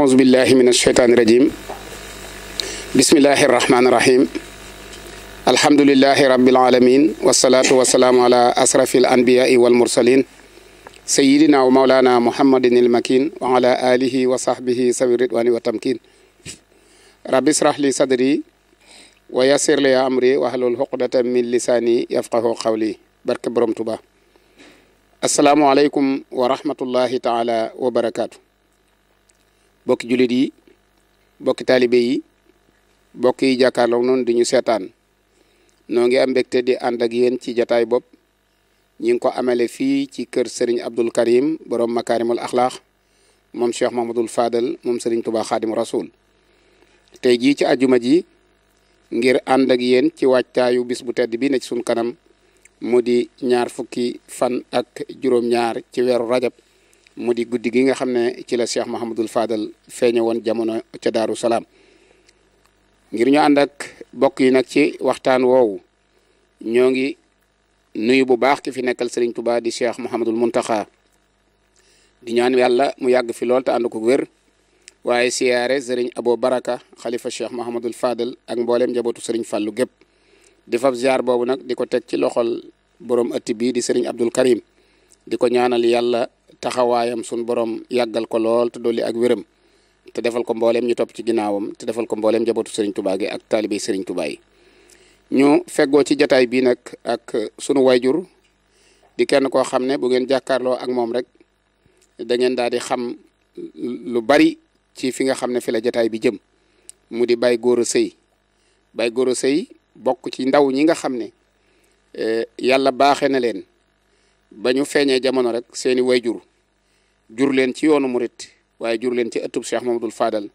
أعوذ بالله من الشيطان الرجيم بسم الله الرحمن الرحيم الحمد لله رب العالمين والصلاة والسلام على أشرف الأنبياء والمرسلين سيدنا ومولانا محمد المكين وعلى آله وصحبه سوي الرضوان والتمكين رب اشرح لي صدري ويسر لي أمري واحلل عقدة من لساني يفقه قولي برك بروم توبا asalaamaaleykum wa rahmatullahi taala wa barakaatu bokki jullit yi bokki taalibe yi bokk yi jàkkaarloo noonu di ñu seetaan noo ngi am mbégte di ànd ak yéen ci jataay bopp ñi ngi ko amale fii ci kër Serigne Abdul Karim borom makaarimul axlaax moom Cheikh Mahmadul Fadal moom Serigne Touba Xaadim Rasul tey jii ci ajuma ji ngir ànd ak yéen ci waajtaayu bis bu tedd bi ne ci suñ kanam mu di ñaar fukki fan ak juróom-ñaar ci weeru rajab mu di guddi gi nga xam ne ci la Cheikh Mouhamadul Fadal feeñe woon jamono ca Daaru Salaam ngir ñu ànd ak bokk yi nag ci waxtaan woowu ñoo ngi nuyu bu baax ki fi nekkal Serigne Touba di Cheikh Mouhamadul Mountakha di ñaan yàlla mu yàgg fi lool te ànd ko wér waaye siyaare Serigne Abo Baraka xalifa Cheikh Mouhamadul Fadal ak mbooleem njabootu Serigne Fallou gépp di fab ziar boobu nag di ko teg ci loxol borom ëtt bii di Serigne Abdul Karim di ko ñaanal yàlla. taxawaayam sun borom yàggal ko lool te dolli ak wéram te defal ko mbooleem ñu topp ci ginnaawam te defal ko mbooleem njabootu Serigne Touba gi ak taalibe Serigne Touba yi ñu feggoo ci jataay bii nag ak sunu wayjur di kenn koo xam ne bu jàkkaarloo ak moom rek da daal di xam lu bari ci fi nga xam ne fi la jataay bi jëm mu di Baye Gora Seye Baye Gora Seye bokk ci ndaw ñi nga xam ne eh, yàlla baaxee na leen ba ñu feeñee jamono rek seeni wayjur jur leen ci yoonu murit waaye jur leen ci ëttub moom Mamadul Fadal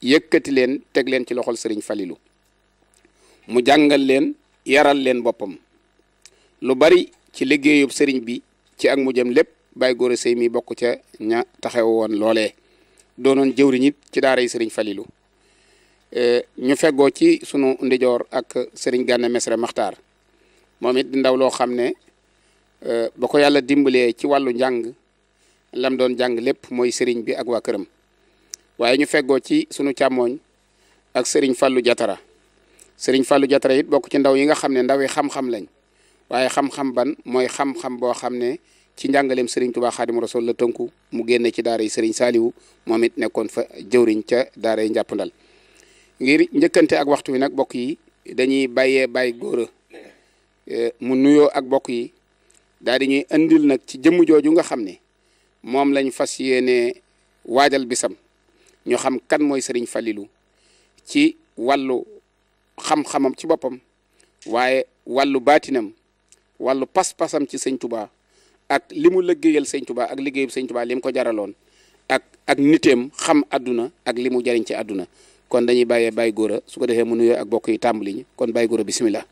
yëkkati leen teg leen ci loxol sëriñ Falilu mu jàngal leen yaral leen boppam lu bari ci liggéeyub sëriñ bi ci ak mu jëm lépp bàyyi góor sëy mi bokku ca ña taxaw woon loole doonoon jëwriñ ci daara yi sëriñ Falilu eh, ñu feggoo ci sunu ndijoor ak sëriñ Gànna Mesre Maxtaar moom it ndaw loo xam ne eh, ba ko yàlla dimbalee ci wàllu njàng lam doon jàng lépp mooy sëriñ bi ak waa këram waaye ñu feggoo ci sunu càmmooñ ak sëriñ fallu Jatara sëriñ fallu Jatara it bokk ci ndaw yi nga xam ne ndaw yi xam-xam lañ waaye xam-xam ban mooy xam-xam boo xam ne ci njàngaleem sëriñ Touba Xaadimu Rasuul la tënku mu génne ci daara yi sëriñ Saaliwu moom it nekkoon fa jëwriñ ca daara yi njàppandal ngir njëkkante ak waxtu wi nag bokk yi dañuy bàyyee bàyyi góora eh, mu nuyoo ak bokk yi daal ñuy indil nag ci jëmm jooju nga xam ne moom lañ fas yéenee waajal bisam ñu xam kan mooy sëriñ Falilou ci wàllu xam-xamam ci boppam waaye wàllu baatinam wàllu pas-pasam ci sëñ Touba ak li mu liggéeyal sëñ Touba ak liggéeyub sëñ Touba lim ko jaraloon ak ak niteem xam àdduna ak li mu jariñ ci àdduna kon dañuy bàyyee Baye Gora su ko defee mu nuyoo ak bokk yi tàmbali kon Baye Gora bisimilah.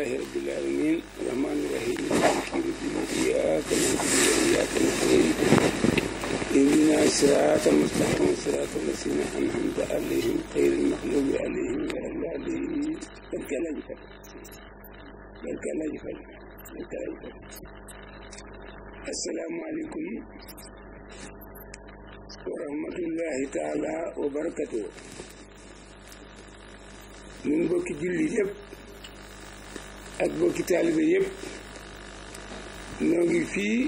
لله رب العالمين الرحمن الرحيم مالك يوم الدين إياك نعبد وإياك نستعين اهدنا الصراط المستقيم صراط الذين أنعمت عليهم غير المغلوب عليهم ولا الضالين بارك الله فيك بارك الله فيك بارك الله فيك السلام عليكم ورحمة الله تعالى وبركاته من بوك جلي ak bokki taalibe yépp ñoo ngi fii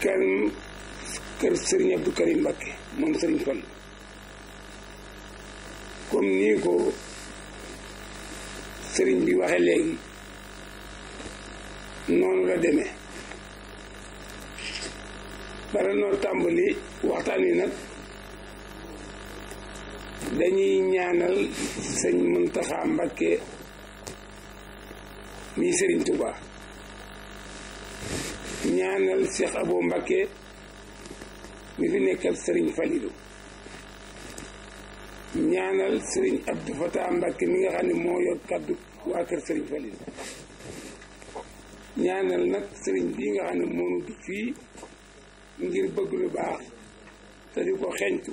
kanam kër Serigne Abdou Karim Mbacké moom Serigne Fall comme nii ko sëriñ bi waxe léegi noonu la demee bara noo tàmbali waxtaan yi nag dañuy ñaanal sëñ Muntaxa Mbacké mi sëriñ Touba ñaanal Cheikh Abo Mbacké mi fi nekkal sëriñ Falilou ñaanal Serigne Abdou Fatah Mbacké mi nga xam ne moo yor kaddu waa kër Serigne Falilou ñaanal nag sëriñ bii nga xam ne moonu fii ngir bëgg lu baax te di ko xeñtu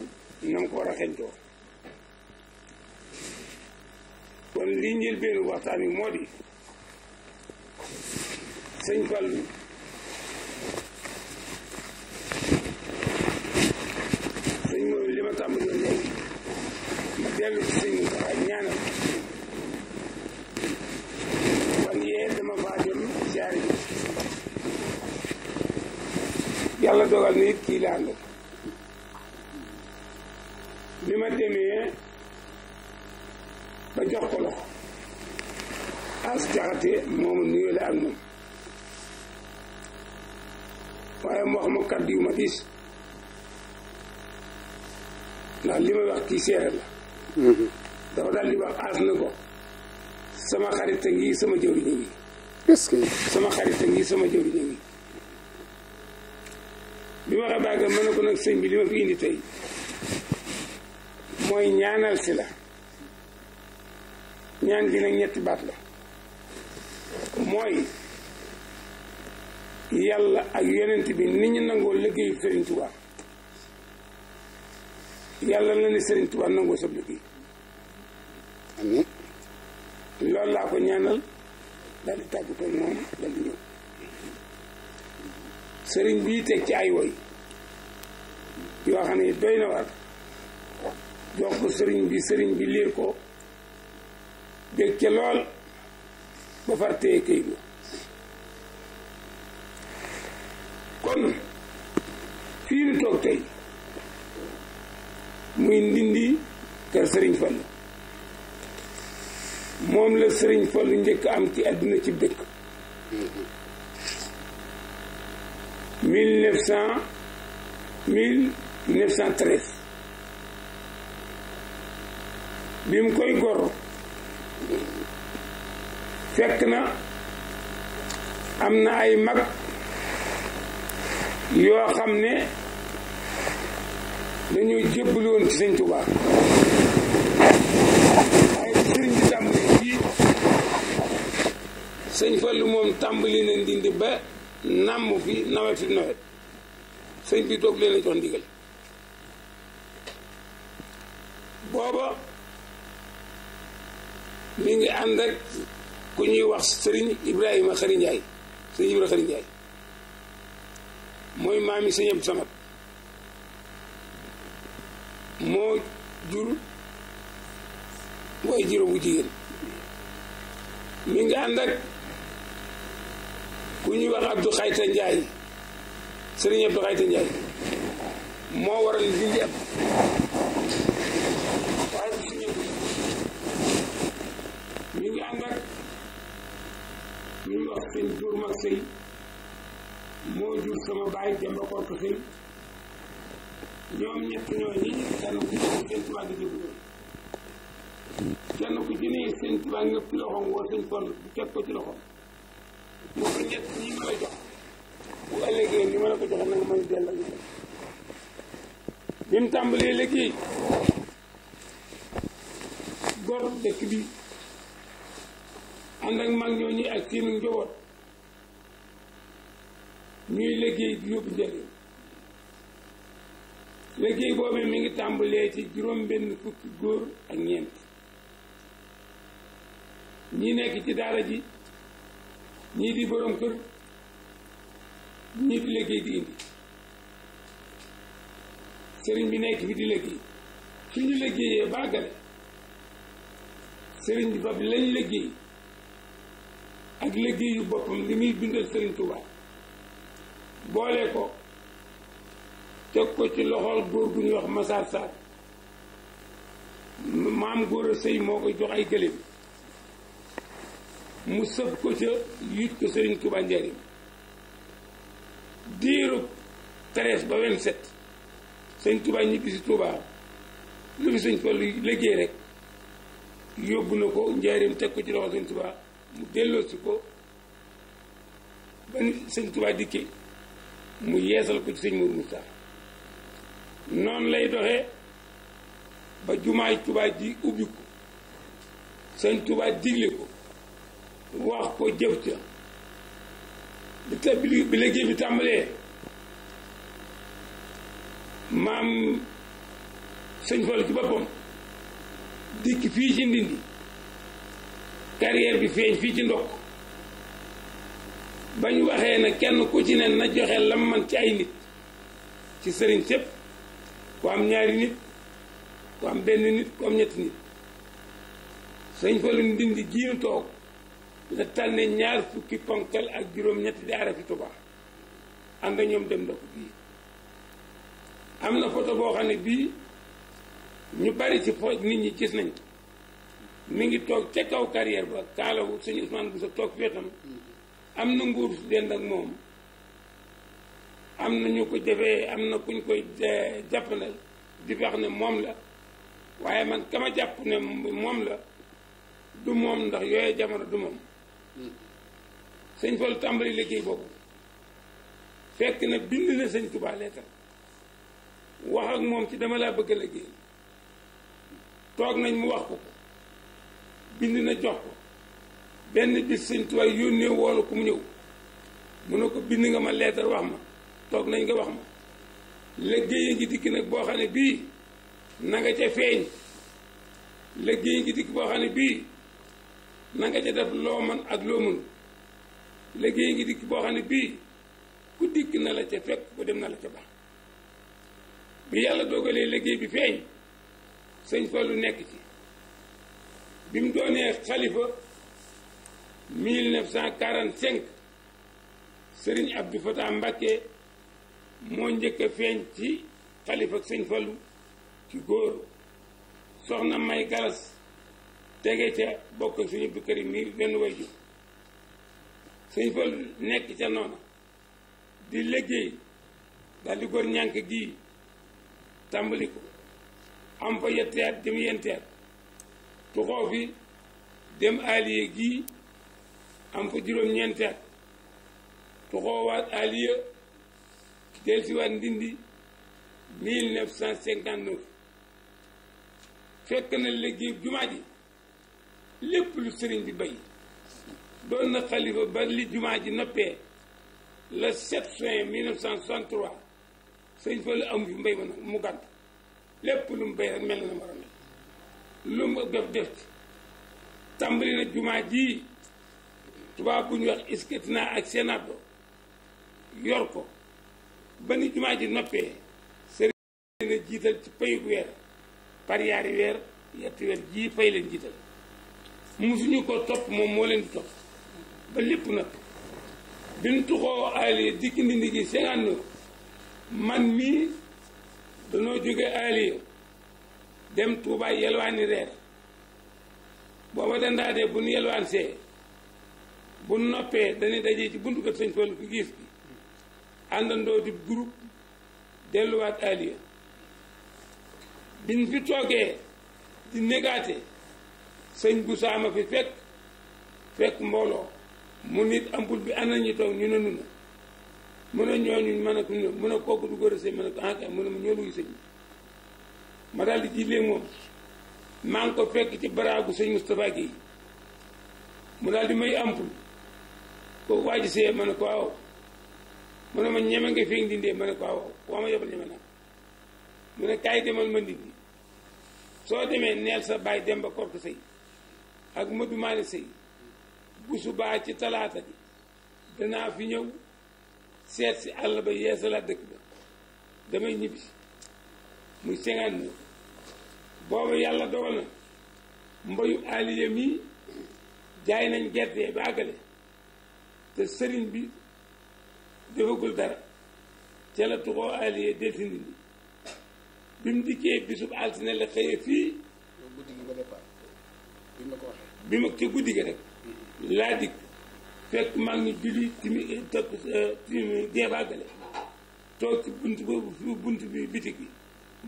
na ko war a xeñtoo kon lii njëlbeenu waxtaan wi moo di sëñ Fallu sëñ mooy li ma tàmbaloon ma dellu ci sëñ Muntaxa ma demee ba jox ko loxo as jaxate moomu ni ak moom waaye moo xam kàddu yu ma diis ndax li may wax kii seere la mhm. dafa daal di wax aas na ko sama xarit a ngi sama jëwriñ a ngi est sama xarit a ngi sama jëwriñ a ngi bi ma xamee baaga mën na ko nag sëñ bi li ma fi indi tey mooy ñaanal si la ñaan gi nag ñetti baat la mooy yàlla ak yonent bi nit ñu nangoo liggéeyu Sëriñ Tuubaa yàlla na ni Sëriñ Tuubaa nangoo sa liggéey amiin loolu laa ko ñaanal daal di tàggatoo moom daal di ñëw sëriñ bii teg ci woy yoo xam ne doy na war jox ko sëriñ bi sëriñ bi liir ko bég ca lool ba far téye këyit kon fii nu toog tey muy ndindi kër sëriñ Fallu moom la sëriñ Fallu njëkk am ci àdduna ci dëkk 1900 1913 bi mu koy gor fekk na am na ay mag yoo xam ne dañoo jébbalu woon ci sëñ Tuubaa waaye sëriñ bi tàmbali fii sëñ Fallu moom tàmbali na ndindi ba nàmm fi naweti nawet sëñ bi doog leen a jox ndigal booba mi ngi ànd ak ku ñuy wax sëriñ Ibrahima Xari Njaay sëriñ Ibrahima Xari Njaay mooy maami sëñ Abdu Samad moo jur mooy juróom bu jigéen mi ngi ànd ku ñuy wax Abdu Xayta Njaay sëriñ Abdu Xayta Njaay moo waral dindi ab ñu ñuy wax sëñ Buur Mag Sëy moo jur sama baay Demba Korka Sëy ñoom ñett ñooñu kenn ku ci ne sëñ Tuubaa di jóg kenn ku ci ne sëñ ko ci loxoom ñett ñi ma la jox bu ëllëgee ni ma la ko joxe nag may dell ak bi mu tàmbalee léegi gor dëkk bi ànd ak mag ñooñu ak seenu njaboot ñuy liggéey di yóbbu njëriñ liggéey boobee mi ngi tàmbalee ci juróom benn fukki góor ak ñeent ñi nekk ci daara ji ñii di borom kër ñii di liggéey di indi sëriñ bi nekk fi di liggéey suñu liggéeyee baagale sëriñ bi fab lañ liggéey ak liggéeyu bopp li muy dundal Sëriñ Tuuba boole ko teg ko ci loxol góor gu ñuy wax Massar Sarr maam góor a sëy moo koy jox ay gëléem mu sëb ko ca yit ko Sëriñ Tuuba njariñ diiru treize ba vingt-sept Sëriñ Tuuba ñibbi si Tuuba lu fi rek yóbbu na ko njariñ teg ko ci loxol Sëriñ Tuuba mu delloosi ko ba ni sëñ Tuubaa dikkee mu yeesal ko ci sëñ Mourou Moussa noonu lay doxee ba jumaay Tuubaa ji ubbi ko sëñ Tuubaa digle ko wax ko jëf ca bi te maam sëñ Fall ci boppam dikk fii ci Ndindi carrière bi feeñ fii ci ndokk bañ waxee na kenn ku ci ne na joxe lam man ci ay nit ci sëriñ sépp ku am ñaari nit ku am benn nit ku am ñetti nit sëñ fa lu ndindi jiinu toog la tànne ñaar fukki ponkal ak juróom ñetti daara fi Tuubaa ànd ñoom dem ndokk bii am na photo boo xam ne bii ñu bari ci fo nit ñi gis nañ mi ngi toog ca kaw carrière ba kaalawu sëñ Ousmane sa toog wetam am na nguur su dend ak moom am na ñu ko defee am na kuñ koy eh, jàppandal di wax ne moom la waaye man kama jàpp ne moom la du moom ndax yooye jamono du moom sëñ Fallu tàmbali liggéey boobu fekk na bind na sëñ Tuubaa wax ak moom ci dama laa bëgg a liggéey toog nañ mu wax ko bind na jox ko benn bis sëñ Tuubaa yónnee woolu ku mu ñëw mu ne ko bind nga ma leetar wax ma toog nañ nga wax ma liggéey ngi dikk nag boo xam ne bii na nga ca feeñ liggéey ngi dikk boo xam ne bii nanga ca def loo man ak loo mënu liggéey ngi dikk boo xam ne bii ku dikk na la ca fekk ku dem na la ca baax bi yàlla dogalee liggéey bi feeñ sëñ Fallu nekk ci bi mu doonee xalifa 1945 Serigne Abdou Fatah Mbacké moo njëkk a feeñ ci xalifa ak sëñ Fallu ci góor soxna May Galas tege ca bokk ak sëñ Abdou Karim mi sëñ Fallu nekk ca noona di liggéey daal di gor ñànk gii tàmbali ko am fa yetteet jëm tuxoo fi dem allié gi am fa juróom-ñeenti at tuxoowaat allié delsiwaat ndindi 1959 fekk na liggéey jumaa ji lépp lu sëriñ bi bay doon na xalifa ba li jumaa ji noppee le 7 juin 1963 sëñ fa lu am fi mbay ma mu gàtt lépp lu mu bay rek mel na ma lu mu def def ci tàmbali jumaa ji tubaab bu ñu wax na ak senado yor ko ba ni jumaa ji noppee sëriñ na jiital ci payu weer par yaari weer yetti jii fay leen jiital musuñu ko topp moom moo leen di topp ba lépp nag bi nu tuxoo dikki ndi ndigi cinquante man mii danoo jóge alie dem Touba yelwaani reer booba dandaa dee bu nu yelwaan see bu noppee dañuy dajee ci buntu kër sëñ Fallu ki giis bi àndandoo di groupe delluwaat aliya biñ fi toogee di négaate sëñ bu saama fi fekk fekk mbooloo mu nit ampul bi ana ñi toog ñu ne nu na mun a ñooñu mën a ku ne mun kooku du góor a mën a ko mu ne ah mu ñoo luy sëñ bi ma daal di jilee moom maa ko fekk ci baraagu sëñ Moustapha Guèye mu daal di may ampul ko waaji see ma ne ko waaw mu ne ma ñeme nga fi ndindee ma ne ko waaw waa ma yebal ñeme naa mu ne kaay demal ma ndindi soo demee neel sa baay dem ba kork sëy ak Modou sëy bu subaa ci talaata bi danaa fi ñëw seet si àll ba yeesalaat dëkk ba damay ñibbi muy cinquante boobu yàlla dogal na mbayu aliya mi jaay nañ gerte ba àggale te sëriñ bi defagul dara ca la tuxoo aliya deltini bi bi mu dikkee bisub altine la xëye fii bi ma ca guddi ga rek laa dikk fekk maa ngi julli timi timi gee ba àggale toog ci bunt boobu bunt bi bitig bi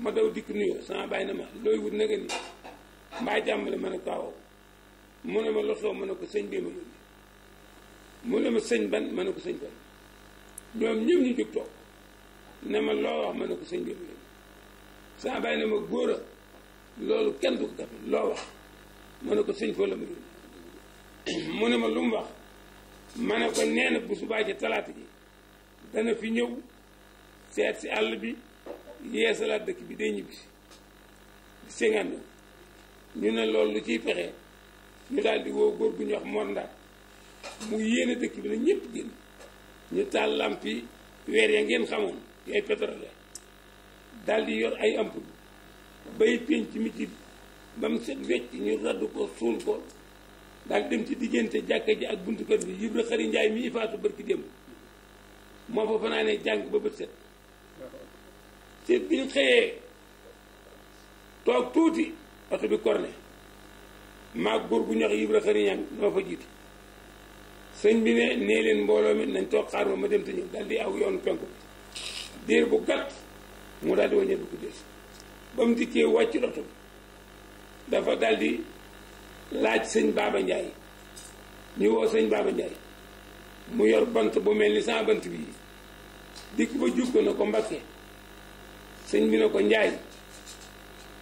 ma daw dikk nuyu sama bàyyi na ma looy wut naka ni mbaa jàmm la ko waaw mu ne ma losoo ma ne ko sëñ bi ma mu ne ma sëñ ban ma ne ko sëñ ban loo wax ne ko sëñ a loolu kenn du ne ko sëñ fa ma yónni mu ne ma lu wax ma ne ko nee na bu subaa ci talaata ji dana fi ñëw seet si àll bi yeesalaat dëkk bi day ñibbi di séngando ñu ne loolu lu ciy pexe ñu daal di woo góor gu ñu wax mondaat mu yéene dëkk bi na ñëpp génn ñu taal làmpi weer ya ngeen xamoon yooyu pétrole daal yor ay ampoule bay pénc mi ci ba mu set wecc ñu radd ko suul ko daal dem ci diggante jàkka ji ak buntu kër bi Ibra Xari Njaay mi ifaatu barki démb moo fa fanaanee jàng ba bët set ci bi ñu xëyee toog tuuti oto bi korne maag góor gu ñox Ibra xëriñan noo fa jiitu sëñ bi ne nee leen mbooloo mi nañ toog xaar ma ma dem te ñëw daal di aw yoonu penku bi diir bu gàtt mu daal di bu ko ba mu dikkee wàcc oto bi dafa daal laaj sëñ Baaba Njaay ñu sëñ Baaba Njaay mu yor bant bu mel ni sans bant bii dikk ba jub ko na ko Mbàkke sëñ bi ne ko njaay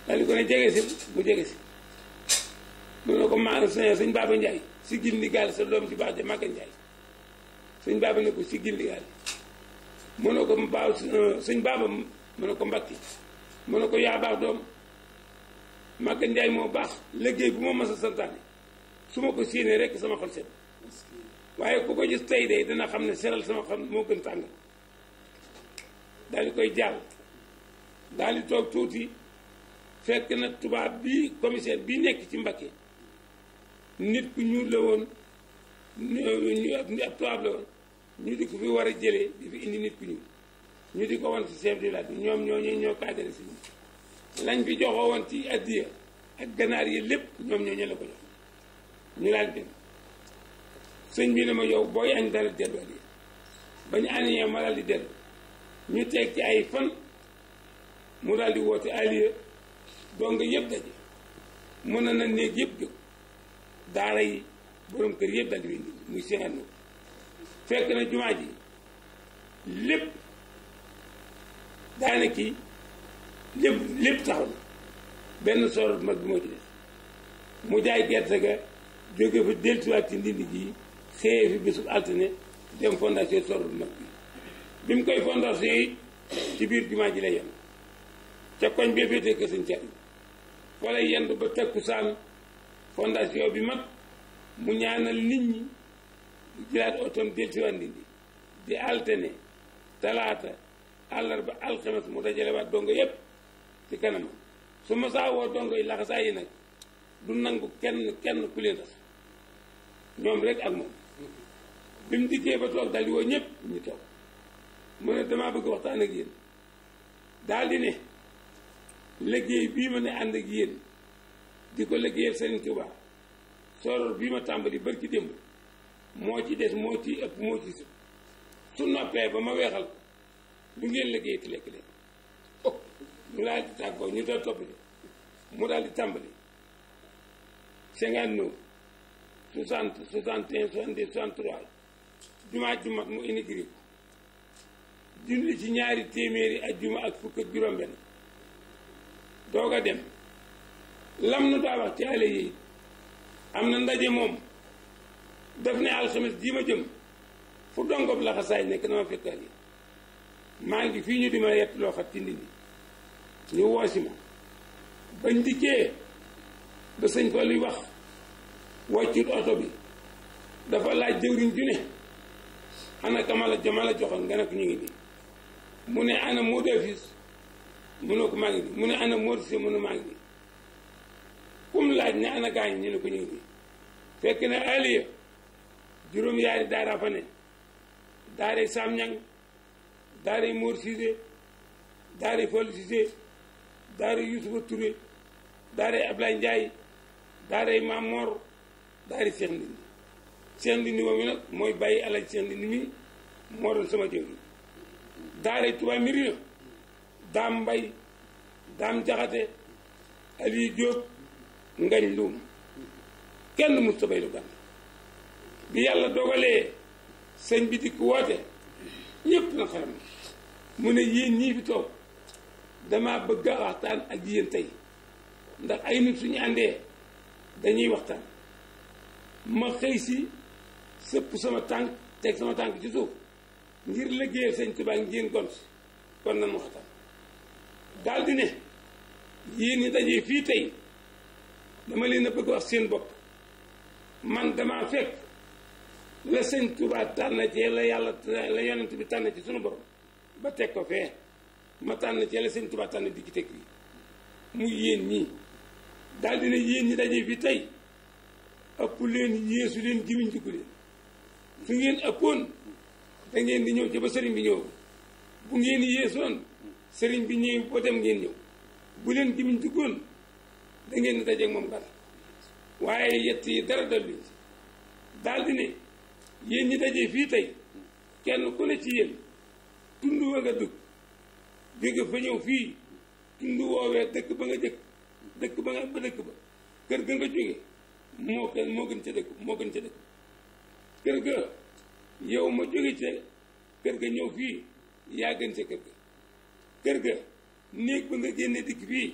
daal di ko ne jege si mu jege si mu ne ko maanaam sëñ baaba njaay si gindi gaal sa doom ci baax ja màgg njaay sëñ baaba ne ko si gindi gaal mu ne ko baaw euh, sëñ baaba mu ne ko mbakki mu ne ko yaa baax doom màgg njaay moo baax liggéey bu ma mas a su ma ko séenee rek sama xol set waaye ku ko gis tey de dana xam ne seral sama xol moo gën tàng daal di koy jaal daal di toog tuuti fekk na tubaab bi commissaire bi nekk ci Mbakke nit ku ñuul la woon ñu ab tubaab la woon ñu di ko fi war a jëlee di fi indi nit ku ñuul ñu di ko wan si chef de village bi ñoom ñoo ñoo ñoo cadré si ñu lañ fi ci addiya yi lépp ñoom ñoo ñu laal dem sëñ bi ne ma yow booy añ dara delluwaat yi ba ñu añee ma daal di dellu ñu teg ci ay fan mu daal di woote allié donga yëpp daje mën na na néeg yëpp daara yi borom kër yëpp daal di leen muy seen fekk na jumaa ji lépp daana kii lépp lépp taxaw na benn soro mag bi moo ci mu jaay gerte ga jóge fa dellusiwaat ci ndindi ji xëyee fi bésub altine dem fondation soro mag bi bi mu koy fondation ci biir jumaa ji la yem ca koñ bee féetee kër sëñ Thierno fa lay yendu ba takkusaan bi mag mu ñaanal nit ñi jëlaat otom delsiwaat nit ñi di altene talaata àllarba alxames mu dajalewaat dongo yépp ci kanam su ma saa woo dongo yi laxasaa yi nag du nangu kenn kenn ku leen ñoom rek ak moom bi mu dikkee ba toog daal di woo ñëpp ñu toog mu ne damaa bëgg waxtaan ak yéen daal ne liggéey bii ma ne ànd ak yéen di ko liggéeyal Serigne Touba soror bii ma tàmbali bër ci démb moo ci des moo ci ëpp moo ci su noppee ba ma weexal ko bu ngeen liggéey ti lekk leen oh, mu ñu dal daal di tàmbali cinquante neuf soixante soixante un soixante deux soixante trois jumaa jumat mu inigré ko ci ñaari téeméeri ajjuma ak fukk ak juróom-benn doog a dem lam nu daa wax ci xale am na ndaje moom daf ne alxames ji ma jëm fu dongob laxasaay nekk na ma fekkaat yi maa ngi fii ñu di ma yett loo xam ci nit ñu woosi ma bañ dikkee ba sëñ fa luy wax wàccut oto bi dafa laaj jëwriñ ju ne ana kamala jamala joxoon nga ne ko ñu ngi nii mu ne ana moo dee fis mu ne ko maa ngi bi mu ne ana Mor Cissé mu ne maa ngi bi ku mu laaj ne ana gaañ ñu ne ko ñëw bi fekk ne aliya juróom yaari daara fa ne daaray Sam Ñang daaray Mor Cissé daaray Fall Cissé daaray Youssoufa Touré daaray Ablaye Ndiaye daaray Maam Mor daaray Cheikh Ndindi Cheikh Ndindi moom nag mooy bàyyi alaj Cheikh Ndindi mi moo doon sama jëw daaray Touba Mirina daam mbay daam jaxate ali Diop ngañ luum kenn musta bay lu Gàmbi bi yàlla dogalee sëñ bi dikk woote ñëpp na xaram mu ne yéen ñii fi toog dama bëgg a waxtaan ak yéen tey ndax ay nit suñu àndee dañuy waxtaan ma xëy si sëpp sama tànk teg sama tànk ci suuf ngir liggéeyal sëñ Tuubaa ngeen gont kon nan waxtaan daldi ne yéen yi dajee fii tey dama leen bëgg wax seen bopp man damaa fekk la sëñ Tuubaa tànn cee la yàlla la yonent bi tànn ci sunu borom ba teg ko fee ma tànn cee la sëñ Tuubaa tànn di teg yi mu yéen ñii daal ne yéen ñi dajee fii tey ëpp leen yéesu leen gimiñ jikku leen su ngeen ëppoon da ngeen di ñëw ci ba sëriñ bi ñëw bu ngeen yéesoon sëriñ bi ñëwee booteem ngeen ñëw bu leen gimiñ duggoon da ngeen di dajeeg moom dara waaye yett yi dara dal leen ci daal di ne yéen ñi dajee fii tey kenn ku ne ci yéen tund wa nga dugg jóge fa ñëw fii tund woowee dëkk ba nga jëkk dëkk jóge moo kenn moo gën ca dëkk moo gën ca dëkk kër ga yow ma jóge ca kër ga ñëw fii yaa gën ca kër ga kër ga néeg ba nga génne dikk bii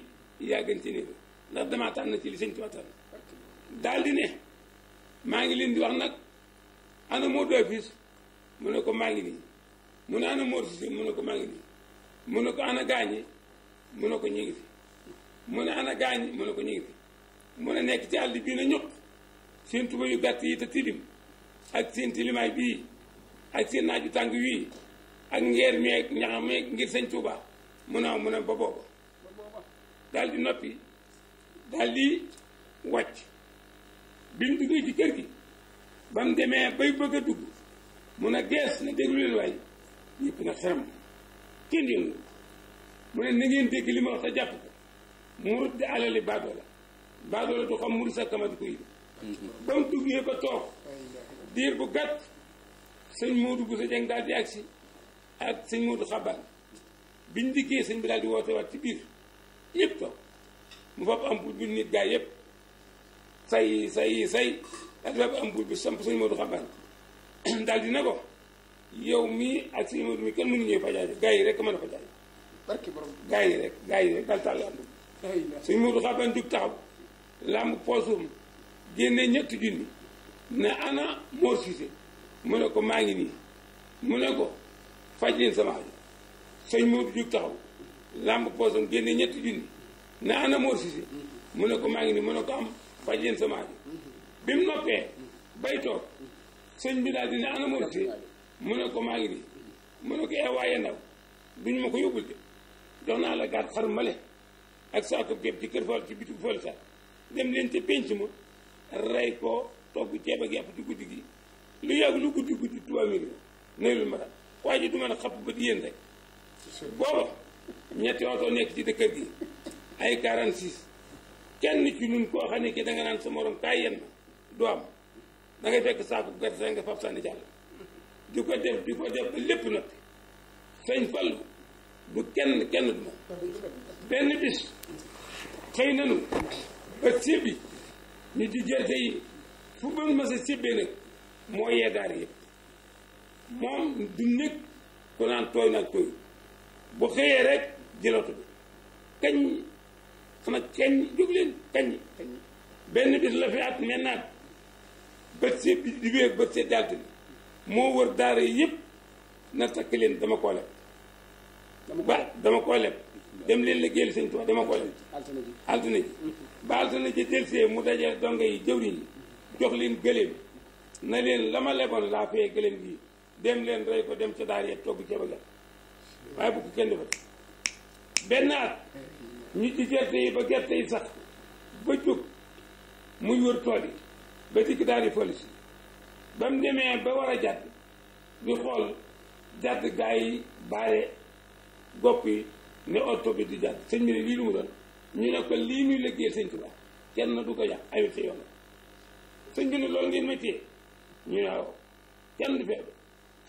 yaa gën ci néeg ndax damaa tànn ci li sëñ Tuubaa tànn di ne maa ngi leen di wax nag ana Modou Afis mu ne ko maa nii mu ne ana Modou Cissé mu ne ko maa ngi mu ne ko ana gaañi mu ne ko ñu ngi fi mu ne ana gaañi mu ne ko ñu ngi fi mu ne nekk ci àll bii na ñoq seen tuba yu gàtt yi te tilim ak seen tilimaay bii ak seen naaju tàng wii ak ngeer meeg ñax meeg ngir sëñ Tuubaa mun ne mu ne ba booba daal di noppi daal di wàcc bi mu duggee ci kër gi ba mu demee bay bëgg a dugg mu ne gees na déglu leen waay ñëpp na xeram kenn yëngu mu ne ngeen dégg li ma wax sa jàpp ko murut di alali baadoo la du xam muru sa kamati ko yi ba mu duggee ba toog diir bu gàtt sëñ Moodu bu sa jeng daal di agsi ak sëñ Moodu xabaan biñ liggéey sëñ bi daal di woote waat ci biir ñëpp toog mu fab am buuj bu nit gaa yëpp say say say daal di fab am buuj bi samp sëñ Modou Xaban daal di ne ko yow mii ak sëñ Modou mi kenn mënu ñëw fajaaje gaa yi rek mën a fajaaje barki borom gaa yi rek gaa yi junni ne ana Mor Cissé mu ne ko maa ngi nii mu ne ko faj leen sama sëñ Maodo Diouf taxaw làmb poosam génne ñetti junni na ana Mor Cissé mu ne ko maa ngi ni mu ne ko am faj leen sama aajo bi mu noppee bay sëñ bi daal di ne ana Mor Cissé mu ko maa ngi ni mu ne ko ee eh, waaye ndaw duñ ma ko yóbbul de jox naa la gàtt xar ak saako gépp ci kër fal ci bitu fal sa dem leen te pénc ma rey ko togg ceeb ak yàpp ci guddi gi lu yàgg lu guddi guddi trois millions ne lu ma daal waa ji du ma a xapp ba di rek booba ñetti oto nekk ci dëkkër gi ay 46 kenn ci ñun koo xam ki da naan sa morom kaay yenn du am da ngay fekk saako gerte nga fab sànni jàll di ko def di ko def ba lépp nag sëñ Fallu du kenn kenn du benn bis xëy nanu ba sibbi ñu di gerte yi fu bën ma sa sibbee nag moo yeegaar yëpp moom du nekk ku naan tooy nag tooy bu xëyee rek jëlootu bi kañ xanaa kañ jóg leen kañ benn bis la fi at mel naat bët see bi di wéeg bët see daltu yëpp na takk leen dama koo leb ba dama koo leb dem leen liggéeyal sëñ Tuubaa dama altine ji ba altine ji del mu daje donga yi jëwriñ jox leen gëléem na leen la ma leboon laa fee gëléem gi dem leen rey ko dem ca daar ya togg ceeba waaye bu ko kenn defati benn at ñu ci gerte yi ba gerte yi sax ba jóg muy wër tool yi ba dikk daal di police ba mu demee ba war a jàdd di xool jàdd gaa yi baare gopp ne oto bi di jàdd sëñ bi ne lii lu mu doon ñu ne lii ñuy liggéey sëñ Tuubaa kenn na du ko yàq ayut ci yoon sëñ bi ne loolu ngeen métier ñu ne kenn du feebar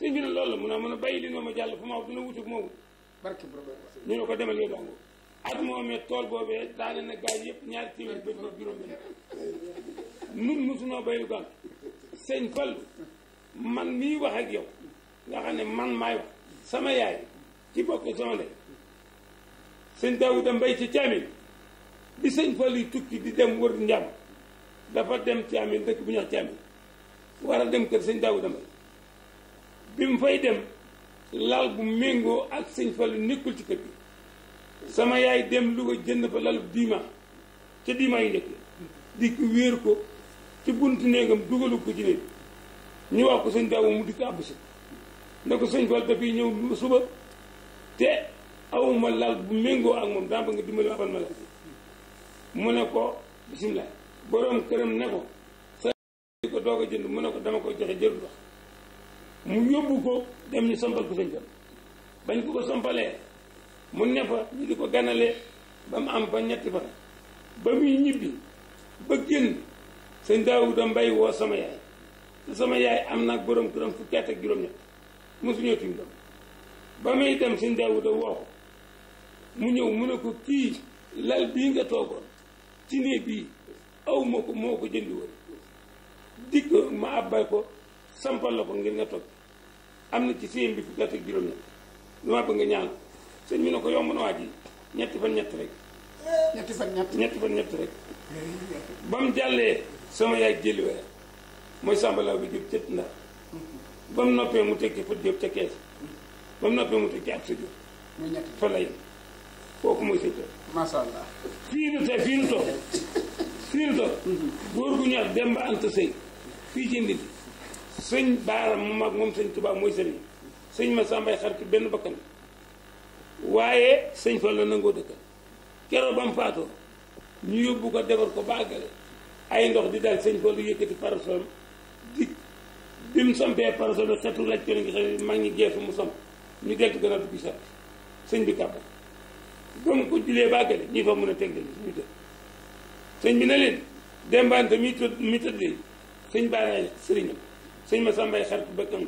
sëñ bi ne loolu la mun a mun a bàyyi li noo ma jàll fu ma dina wuti fu ma wut barke ñu ne ko demal yow dong at moomee tool boobee daane na gaay yëpp ñaari téeméer bëri na juróom benn nun mosunoo bay lu gànt sëñ Fallu man mii wax ak yow nga xam ne man maay wax sama yaay ci bokk sama ndey sëñ Daawuda Mbay ci caamin bi sëñ Fallu tukki di dem wër njàmm dafa dem caamin dëkk bu ñuy wax caamin war a dem kër sëñ Daawuda Mbay bi mu fay dem lal bu méngoo ak sëñ Fallu nekkul ci kër gi sama yaay dem lu ko jënd fa lalu diima ca diima yi nekk di wéer ko ci buntu néegam dugalu ko ci néeg wax ko sëñ daaw mu dikk àbb si suba te awuma lal bu méngoo ak moom daa ba nga dimbali abal mu ne ko bisimilah borom këram ne ko sa ko doog a jënd mu ne ko dama ko joxe jërul wax mu yóbbu ko dem ñu sampal ko sëñ Fallu bañ ko ko sampalee mu ne fa ñu di ko ganale ba mu am fa ñetti fan ba muy ñibbi ba génn sëñ Daawuda Mbay woo sama yaay te sama yaay am nag borom këram fukki at ak juróom-ñett mosuñoo tiim doom ba may dem sëñ Daawuda woo ko mu ñëw mu ne ko kii lal bii nga toogoon ci néeg bii aw ko moo ko jëndi woon dikk ma abbay ko sampal la ko ngir nga toj am na ci séem bi fukki at ak juróom ñett damaa bëgg nga ñaan sëñ bi ne ko yomb na waa ji ñetti fan ñett rek. ñetti fan ñett ñetti ñett rek. ba mu jàllee sama yaay jëli weer mooy sàmbalaaw bi jóg cët ndax ba mu noppee mu tekki ca kees ba mu noppee mu tekki ab sa jóg. fa la yem kooku mooy sëñ fii nu te fii nu toog fii nu toog. góor gu ñor dem ba ant sëy fii ci ndindi sëñ baara mu mag moom sëñ Tuubaa mooy sëriñ sëñ ma sàmbay xaritu benn bakkan waaye sëñ fa la nangoo dëkk keroog ba mu faatoo ñu yóbbu ko defar ko baagale ay ndox di daal sëñ fa lu yëkkati parasol di bi mu sampee parasol xetu laaj ko mu samp ñu deltu gën a sëñ bi kàbbal ba mu ko julee baagale ñii fa mën a teggal ñu def sëñ bi na leen dembaante mi tëdd mi tëdd sëñ baara sëriñam sëñ ma sàmbay xarit bëkkam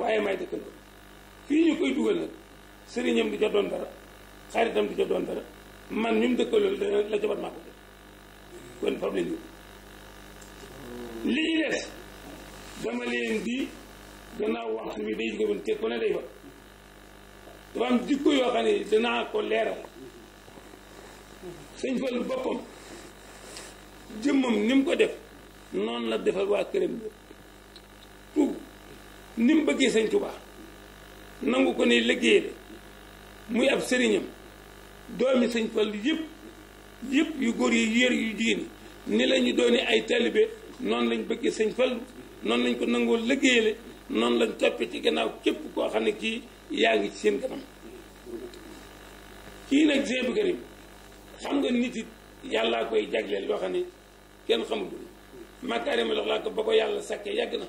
waaye may dëkkando fii ñu koy dugal nag sëriñam di ca doon dara xaritam di ca doon dara man ñu mu dëkkaloolu dana la jabar maa ko def kon fab day jóge te ku ne jikko yoo xam ne danaa ko leeral sëñ Fallu boppam jëmmam ni mu ko def noonu la defal waa këram bi tuub ni mu bëggee sëñ Tuubaa nangu ko ne liggéeyale muy ab sëriñam doomi sëñ Fallu yëpp yëpp yu góor yi yër yu jigéen ni la ñu doone ay taalibe noonu lañ bëggee sëñ Fallu noonu lañ ko nangoo liggéeyale noonu lañ toppee ci gannaaw képp koo xam ne kii yaa ngi ci seen kanam kii nag Sëñ Karim xam nga nit it yàllaa koy jagleel yoo xam ne kenn xamul makaarima lox laa ko ba ko yàlla sakkee yàgg na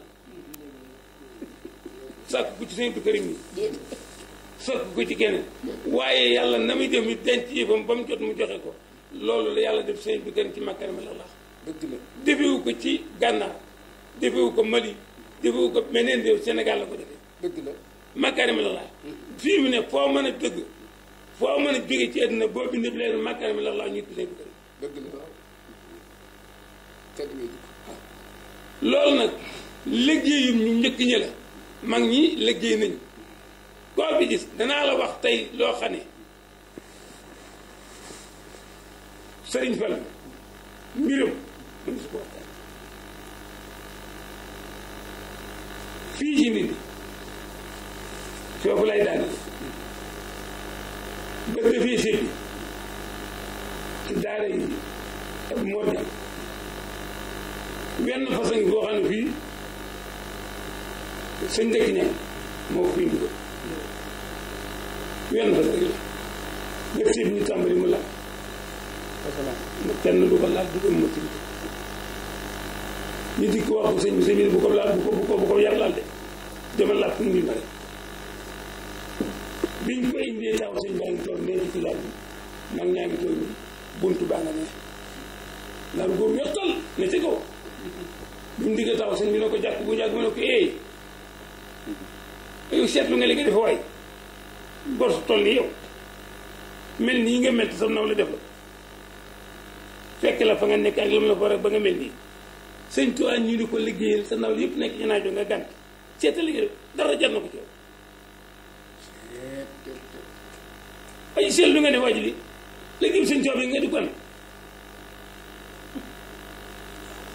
sàkk ko ci sëñ Abdou Karim yi sàkk ko ci keneen waaye yàlla na muy def ñu denc yëfam ba mu jot mu joxe ko loolu la yàlla def sëñ Abdou ci makkarama la dëgg la defewu ko ci gànnaar defewu ko Mali defewu ko meneen réew Sénégal dëgg la makkarama la laax mm. fii mu ne foo mën a dëgg foo mën a jóge ci àdduna boo bi ndëb leen makkarama la laax ñu ko sëñ Abdou dëgg la loolu nag liggéeyum ñu njëkk ñi la mag ñi liggéey nañu koo bi gis danaa la wax tey loo xam sëriñ Fall mbiram fii ci nit ñi foofu lay daane bëgg fii sibbi ci daara yi ak morgan wenn façon boo xam fii sëñ dëkk ne moo ko wenn ba dëgg la ñëpp tiib ñu tàmbali mu laal kenn du ko laal du ko mu tiib ñu dikk wax ko sëñ bi sëñ bi bu ko laal bu ko bu ko bu ko yar laal de demal laal pour mbir ma rek biñ ko indee taw sëñ baa ngi toog nee ci laal bi mag ñaa ngi toog buntu baa nga ne laal góor yottal ne ci kaw bi mu dikkee taw sëñ bi ne ko jàpp bu jàpp mu ne ko eey eh, yow seetlu nga li nga def waay gor su toll nii yow mel nii nga mel te naw la def la fekk la fa nga nekk ak lam la fa ba nga mel nii sëñ Tuubaa ñu ni ko liggéeyal sa naw la yëpp nekk ñanaajo nga gànt seetal li nga def dara jar na ko ci yow ay seetlu nga ne waa ji li liggéeyal sëñ Tuubaa bi nga di ko am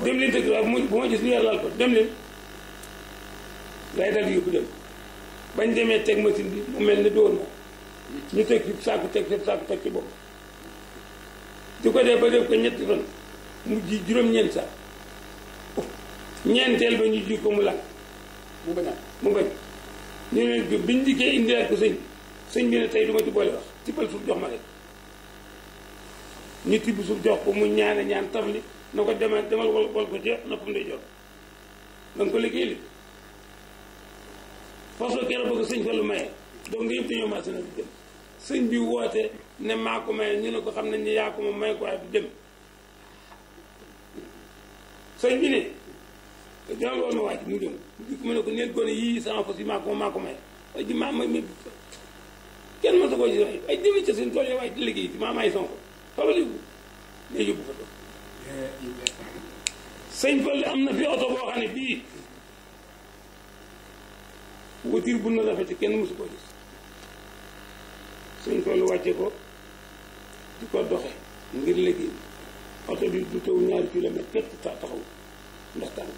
dem bu ma gis lu yàlla laal ko dem leen waaye daal di dem bañ demee teg machine bi mu mel ni dóor na ñu teg ci saaku teg ci saaku teg ci bopp du ko def ba def ko ñetti fan mu ji juróom-ñeent sax ñeenteel ba ñu ji ko mu làkk mu bañ mu bañ ñu ne leen biñ dikkee indiwaat ko sëñ sëñ bi ne tey du ma ci boole wax tibbal suuf jox ma rek ñu tibb suuf jox ko mu ñaan ñaan tafli na ko demal demal wol wol ko jeex na ko jox na ko liggéey li parce que kenn bëgg sëñ fa lu maye donc yëpp dañoo maase na dem sëñ bi woote ne maa ko maye ñu ne ko xam nañ ne yaa ko ma may ko waaye du dem mu ne ko neen gone yii sama fas yi maa ko maa ko maye waaye ji maa ma ma kenn mën sa koo gis ay jëli ca seen tool yi waaye di liggéey ci maa maay sonko fabaliku day yóbbu fa eh, sëñ Fall am na fi oto boo xam ne bii wutiir bu na rafete kenn mësu koo gis suñ toll wàcce ko di ko doxe ngir léegi oto bi du taw ñaari kilomètre képp taxaw ndax tàng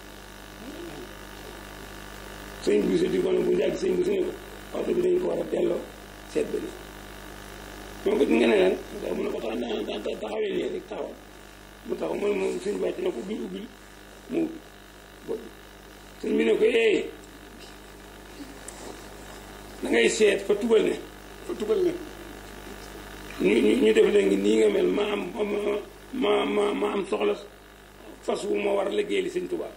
sëñ buuse bu njàgg sëñ buuse ne ko oto dañu ko war a delloo seet ba nii moom ko nga ne lan mun a ko tax daan taxawee nii rek taxawal mu taxaw mooy moom sëñ wàcc na ko ubbi ubbi mu ubbi bi ne ko eh dangay ngay seet fa tugal ne fa tugal ne ñu ñu def léegi nii nga mel ma am ma ma ma am soxla fas wu ma war a liggéey li sëñ Tuubaa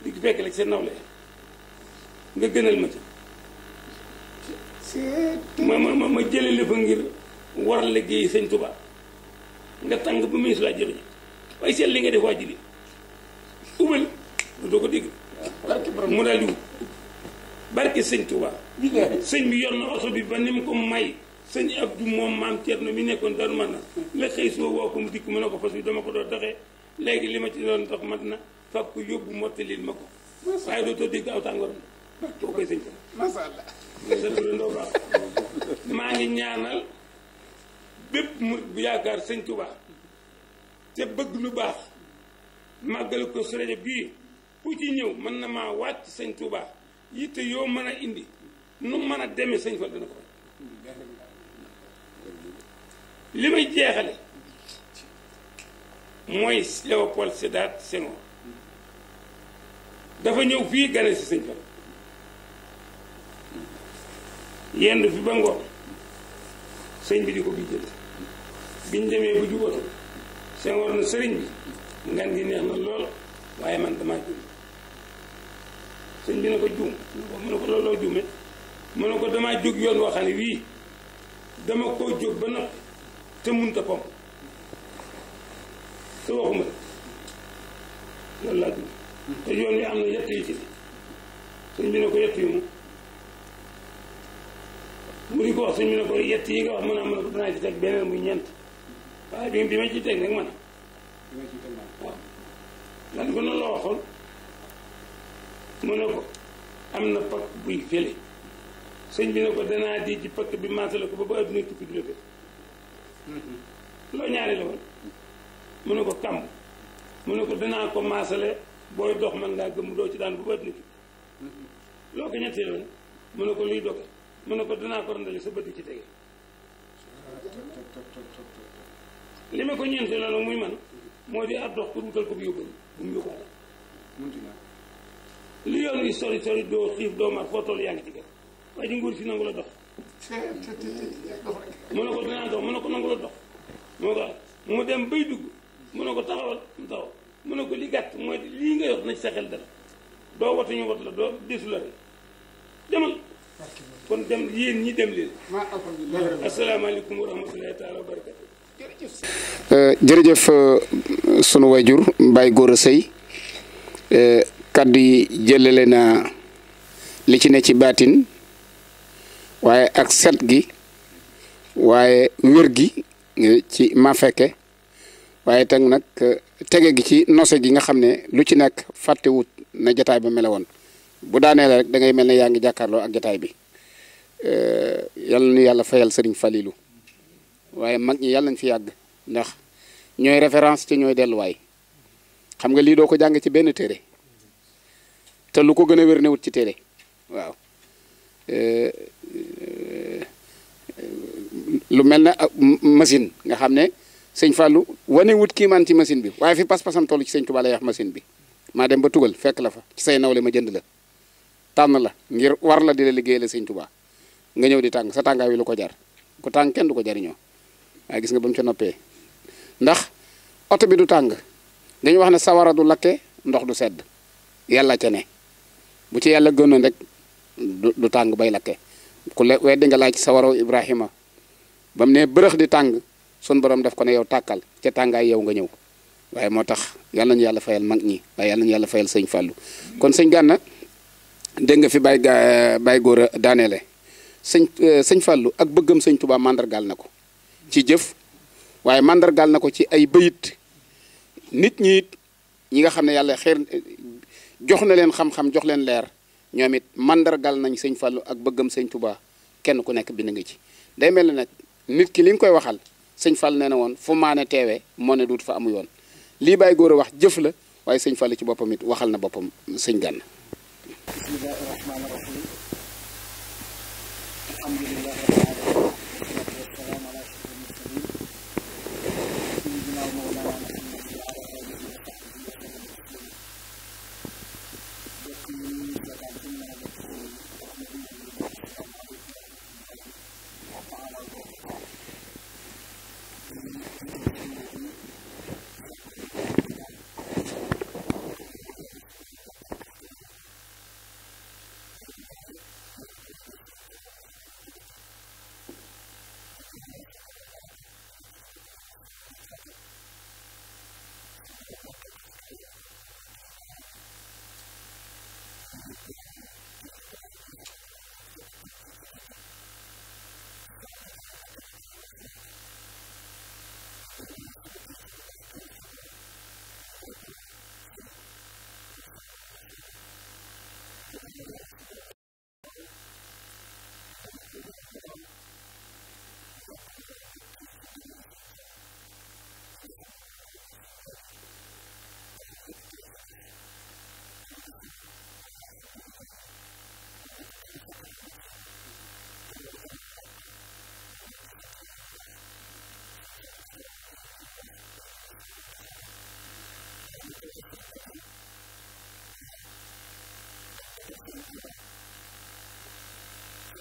di fekk la seen nawle nga gënal ma ci ma ma ma jële fa ngir war a liggéey sëñ Tuubaa nga tàng ba muy laa jëriñ waaye seet li nga def waa li ubal doo ko dégg mu daal di barke sëñ Touba. sëñ bi yor na oto bi ba ni mu ko may. sëñ Abdou moom maam Thierno bi nekkoon Darou Manane la xëy soo woo ko mu dikk mu ne ko fas bi dama ko doon doxee léegi li ma ci doon tox mat na fab ko yóbbu mottalil ma ko. waaye doo too dégg aw tàngooram boo maa ngi ñaanal bépp mu bu yaakaar sëñ Touba te bëgg lu baax màggal ko su rajo bii ku ci ñëw mën na maa wàcc sëñ Touba. yitte yoo mën a indi nu mën a demee sëñ Fall li may jeexale mooy Léopold Sédar Senghor dafa ñëw fii gane si sëñ Fall yenn fi ba ngoon sëñ bi di ko bi jël biñ demee bu jubóotu Senghor na sëriñ bi ngan gi neex na lool waaye man damaa jël sëñ bi na ko juum mu ne ko looloo juume mu ne ko damaa jóg yoon woo xam ne wii dama koo jóg ba noppi te munta pomp te waxuma la loolu laa juum te yoon wi am na yett yu ci bi sëñ ko yett yu mu mu di ko wax sëñ bi ne ko yett yi nga wax mën a mën a ko danaa ci teg beneen muy ñeent waaye bi bi ma ci teg nag man waaw lan ko noonu la waxoon mu ne ko am na pakk buy fële sëñ bi ne ko danaa di ci pakk bi maasale ko ba ba adduna tukki du la def loo ñaari la woon mu ne ko kàmb mu ne ko danaa ko maasale booy dox man ngaa gëm doo ci daan bu ba adduna tukki loo ko ñettee la woon mu ne ko luy doge mu ne ko danaa ko sa bët ci tege ko ñeentee la muy man moo di ab dox pour wutal ko bu yóbbu bu mu yóbbaale li yoon wi sori sori doo xiif doo mar foo toll yaa ci kër waaye nguur fi nangu la dox. mu ne ko dinaa dox mu ne ko nangu la dox. mu dem bay dugg mu ne ko taxawal mu taxaw mu ne ko li gàtt mooy lii nga yor na ci sa xel dara doo watu ñu watu la doo desu la demal. kon dem yéen ñi dem leen. asalaamaaleykum wa rahmatulahi taala wa barakatu. jërëjëf sunu wayjur Baye Gora Seye kàddu yi jëlale na li ci ne ci baatin waaye ak set gi waaye wér gi ci ma waaye teg nag tege gi ci nose gi nga xam ne lu ci nekk fàttewut na jataay bi mele bu daanee la rek da ngay mel ne yaa ngi jàkkaarloo ak jataay bi yàlla nu yàlla fayal sëriñ Falilu waaye mag ñi yàlla nañ fi yàgg ndax ñooy référence ci ñooy delluwaay xam nga lii doo ko jàng ci benn téere te lu ko gën a wér wut ci téere waaw eh, eh, lu mel ne ah, machine nga xam ne sëñ Fallou wane wut kiimaan ci machine bi waaye fi pas-pasam toll ci sëñ Tuubaa lay wax machine bi maa dem ba tugal fekk la fa ci le ma jënd la tànn la ngir war la di la liggéey la sëñ Tuubaa nga ñëw di tàng sa tàngaay wi lu ko jar ku tàng kenn du ko jariñoo waaye gis nga ba mu ca noppee ndax oto bi du tàng dañu wax ne sawara du lakke ndox du sedd yàlla ca ne bu ci yàlla gënoon rek du tàng bay lakke ku le weddi nga laaj sawaraw Ibrahima ba mu ne bërëx di tàng sun borom def ko ne yow tàkkal ca tàngaay yow nga ñëw waaye moo tax yal nañu yàlla fayal mag ñi waaye yàlla fayal sëñ fallu kon sëñ Gana dégg nga fi Baye ga Baye Gora daaneele sëñ euh, sëñ Fallou ak bëggam sëñ Touba mandargaal na ko ci jëf waaye mandargaal na ko ci ay bayit nit ñi ñi nga xam ne yàlla xeer jox na leen xam-xam jox leen leer ñoom it mandargal nañ sëñ Fallou ak bëggam sëñ Touba kenn ku nekk bind nga ci day mel ni nag nit ki li nga koy waxal sëñ fal nee na woon fu maane teewe moo ne duut fa amu yoon lii bàyyi góor a wax jëf la waaye sëñ Fall ci boppamit waxal na boppam sëñ Gana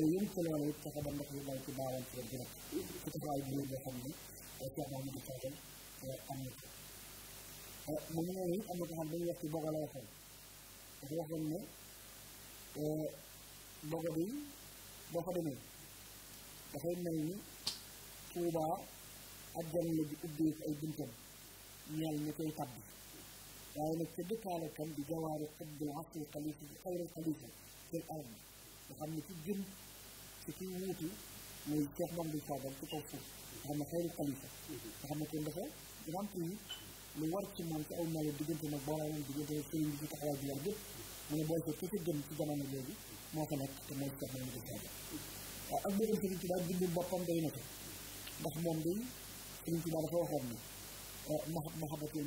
te yéen ci loolu it fexe ba ndox mi daw bi nga xam ne mu ngi noonu am ko xam dañu wax ci boga la waxoon dafa waxoon ne eh, boga bi boo fa demee dafay mel ni Tuuba ak jàmm la di ubbee ay buntam ñeel ñi koy tabbi waaye nag ca dëkkaale kan di jawaare xëddul bi xayral xam ne ci gën ki ci wuutu muy Cheikh Bamba Fadal ci kaw suuf nga xam ne xayru xalifa nga xam ne kon dafa rempli lu war ci moom ci aw melo diggante nag boroomam diggante sëriñ bi ci taxawaay bi yàlla yëpp ne booy seet ki ci gën ci jamono na ko ndax moom day Sëriñ Tuubaa dafa waxoon ne eh, mahabbatul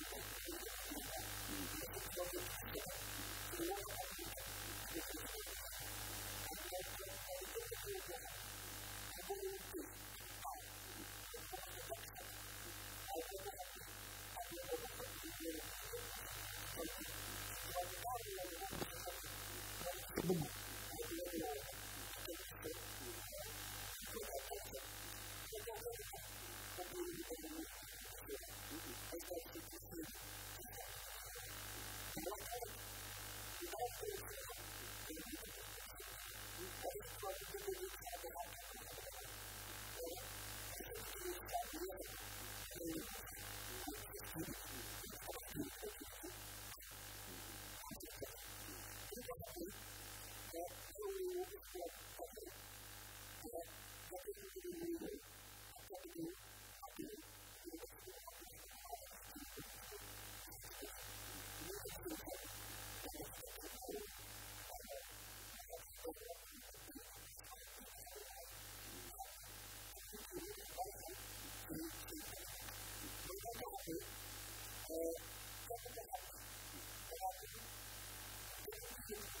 Thank you.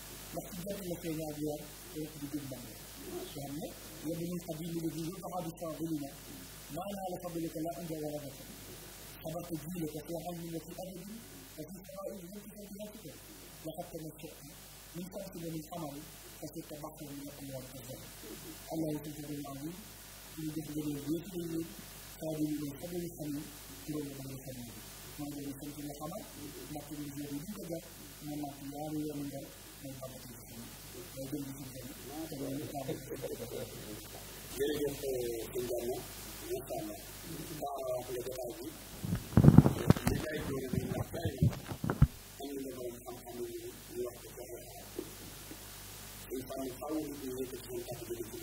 ndax ci jot la fee ñaari weer rek di jëm bànn yoo xam ne yadul xabili la bi yudaa bi saabilina maa naala fadlika la anda wala naka xabarta jiile ko foo xam ne fi abadin wa fi samaai yëpp sa diratika laqad tamassakta min samsina min amari fa sitta baxra min al-amwaali wal-awlaad allah yusuf al azim ñu def ngëneel bi yëpp dañ leen saabili leen fadlu sami juróom la bëgg sami maa ngi leen sant la xamal ndax ñu ko jar ñu nàkk yaari yoonu ngal jërëjëf sëñ Gana macha allah baax na wax nga jotaay bi li ngay jóore bi ndax gaay yi am na nga borom xam-xam yi ñu wax ko joxe xalaat suñ fànn faaw nit ñi yëkkati seen kàddu bi ci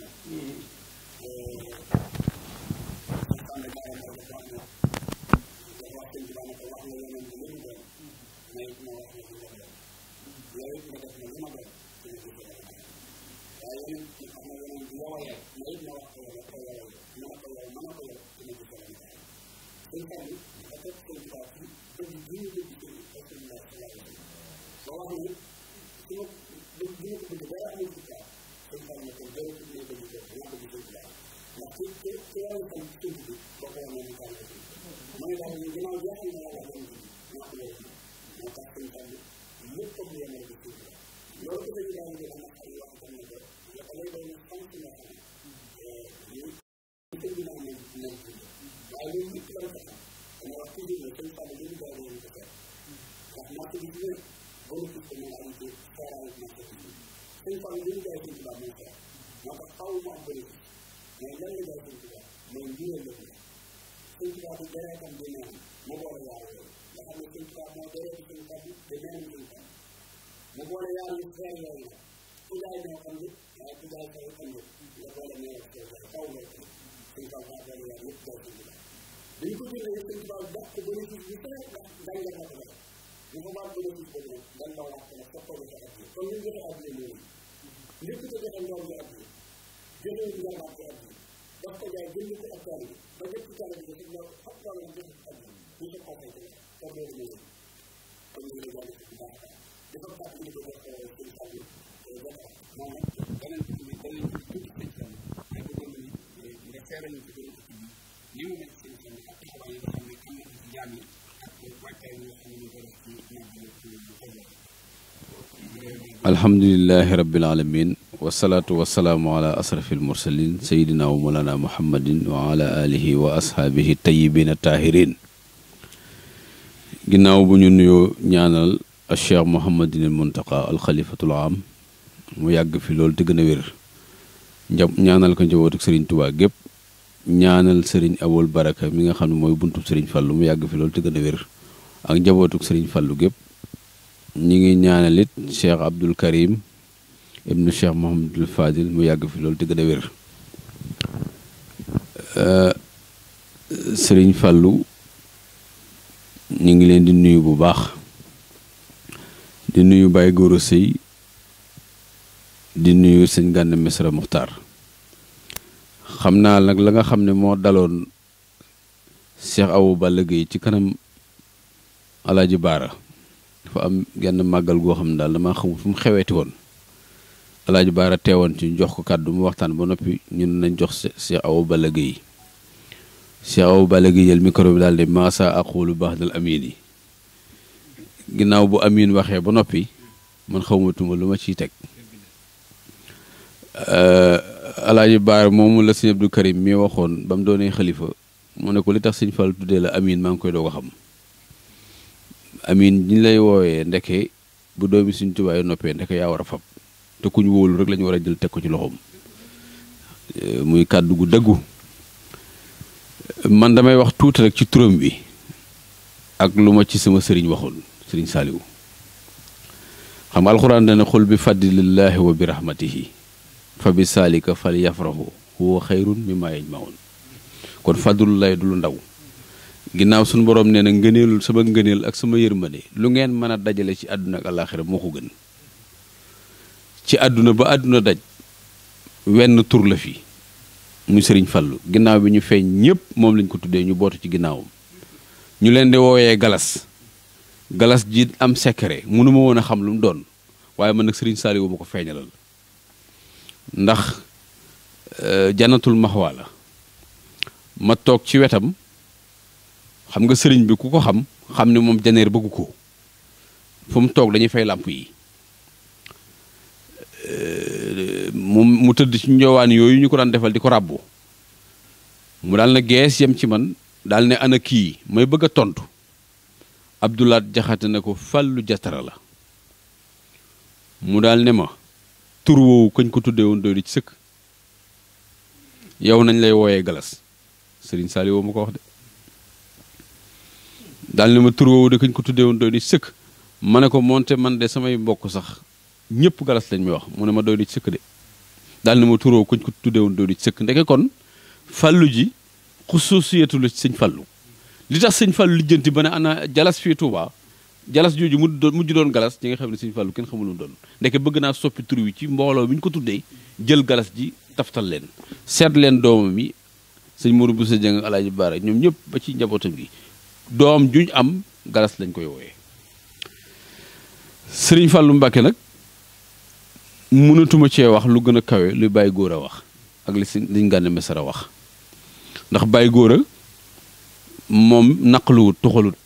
parce que bénéfice bi fële ndax daan nga ko def bu boobaa bénéfice boobu nag daan naa wax ne fokk nga ko addi kon ñu joxe addi loolu lépp ko joxe ndaw bi addi jëlee bi njabaat bi addi daf ko jaay jënd ko ak taal bi ba lépp taal bi dafa ñëw ak taal bi joxe addi ñu ko conseillé ko loolu loolu kon ñu ngi jàll ci baax dafa tax ñu ko def seen sàmm dafa moom nag beneen bi beneen bi tuuti seen sàmm ay bëggoon nañu nga seeral ñu ci beneen bi li mu mel seen sàmm ak taxawaay yi gàmm ak rabbil alamin wasalaatu wasalaamu ala asrafil mursalin sayidina wa mawlana muhammadin wa ala wa ashaabihi tayyibina taahirin ginnaaw bu ñu nuyoo ñaanal al mu yàgg fi loolu te gën wér ñaanal ko njabootu sëriñ tubaa gépp ñaanal sëriñ Abol Baraka mi nga xam ne mooy buntu sëriñ Fallu mu yàgg fi loolu te gën a wér ak njabootuk sëriñ Fallu gépp ñu ngi ñaanal it Cheikh Abdul Karim ibnu Cheikh Mohamadul Fadil mu yàgg fi loolu te gën a wér euh, sëriñ Fallu ñu ngi leen di nuyu bu baax di nuyu Baye Gora Seye di nuyu sëñ gànn Messere Mokhtar xam naa nag la nga xam ne moo daloon Cheikh Awa Balla Gueye ci kanam Alaaji Baara dafa am genn màggal goo xam ne daal damaa xamul fu mu xeweeti woon Alaaji Baara teewoon ci jox ko kàddu mu waxtaan ba noppi ñun nañ jox Cheikh Awa Balla Gueye Cheikh Awa Balla Gueye jël micro bi daal di maasa aqulu baax dal amiin yi ginnaaw bu amiin waxee ba noppi man xawmatuma lu ma ciy teg euh, alaaji baar moomu la sëñ Abdou Karim mi waxoon ba mu doonee xalifa mu ne ko li tax sëñ Fall tuddee la Amine maa ngi koy doo a xam Amine ñi lay wooyee ndekke bu doomi suñ tubaay noppee ndeke yaa war a fab te kuñ wóolu rek lañu war a jël teg ko ci loxoom eh, muy kàddu gu dëggu man damay wax tuuti rek ci turam bi ak lu ma ci sama sëriñ waxoon sëriñ Saaliwu xam nga alxuraan dana xul bi fadlillaahi wa bi rahmatihi fa bi saalika fal yafrahu huwa mi mimmaa yajmaun kon fadlullaay du lu ndaw ginnaaw suñu borom nee na ngëneelul sama ngëneel ak sama yërmande lu ngeen mën a dajale ci àdduna ak àllaaxira moo ko gën ci àdduna ba àdduna daj wenn tur la fi muy sëriñ Fallu ginnaaw bi ñu feeñ ñëpp moom lañ ko tuddee ñu bootu ci ginnaawam ñu leen di woowee galas galas ji am secret mënuma woon a xam lu mu doon waaye man nag sëriñ Saaliwu ma ko feeñalal ndax euh, janatul maxwaa la ma toog ci wetam xam nga sëriñ bi ku ko xam xam ne moom janeer bëggu ko fu mu toog dañuy fay làmp yi euh, mu mu tëdd ci njowaan yooyu ñu ko daan defal di ko ràbbu mu daal na gees yem ci man daal ne ana kii may bëgg a tontu Abdoulaat jaxate na ko fàllu jatara la mu daal ne ma tur woowu kañ ko tuddee woon doylu ci sëkk yow nañ lay wooyee galas sëriñ Serigne Saliou ma ko wax de daal ne ma tur woowu de kañ ko tuddee woon doylu ci sëkk ma ne ko moonte man de samay mbokk sax ñëpp galas lañ may wax mu ne ma doylu ci sëkk de daal ne ma tur woowu kañ ko tuddee woon doylu sëkk ndeke kon fàllu ji xusuusiyatu la ci sëñ li tax sëñ fàllu lijjanti ba ne ana jalas fii Touba jalas jooju mu mujj doon galas ñi nga xam ne Sëñ Fallu kenn xamul doon ndeke bëgg naa soppi tur ci mbooloo bi ñu ko tuddee jël galas ji taftal leen seet leen doomam yi sëñ Mourou Boussa Dieng Alaaji Baara ñoom ñëpp ba ci njabootam gi doom juñ am galas lañ koy wooyee sëriñ Fallu Mbàkke nag mënatuma cee wax lu gën a kawe lu bàyyi góor a wax ak li si liñ gànne mesar a wax ndax bàyyi góor a moom naq lu tuxalut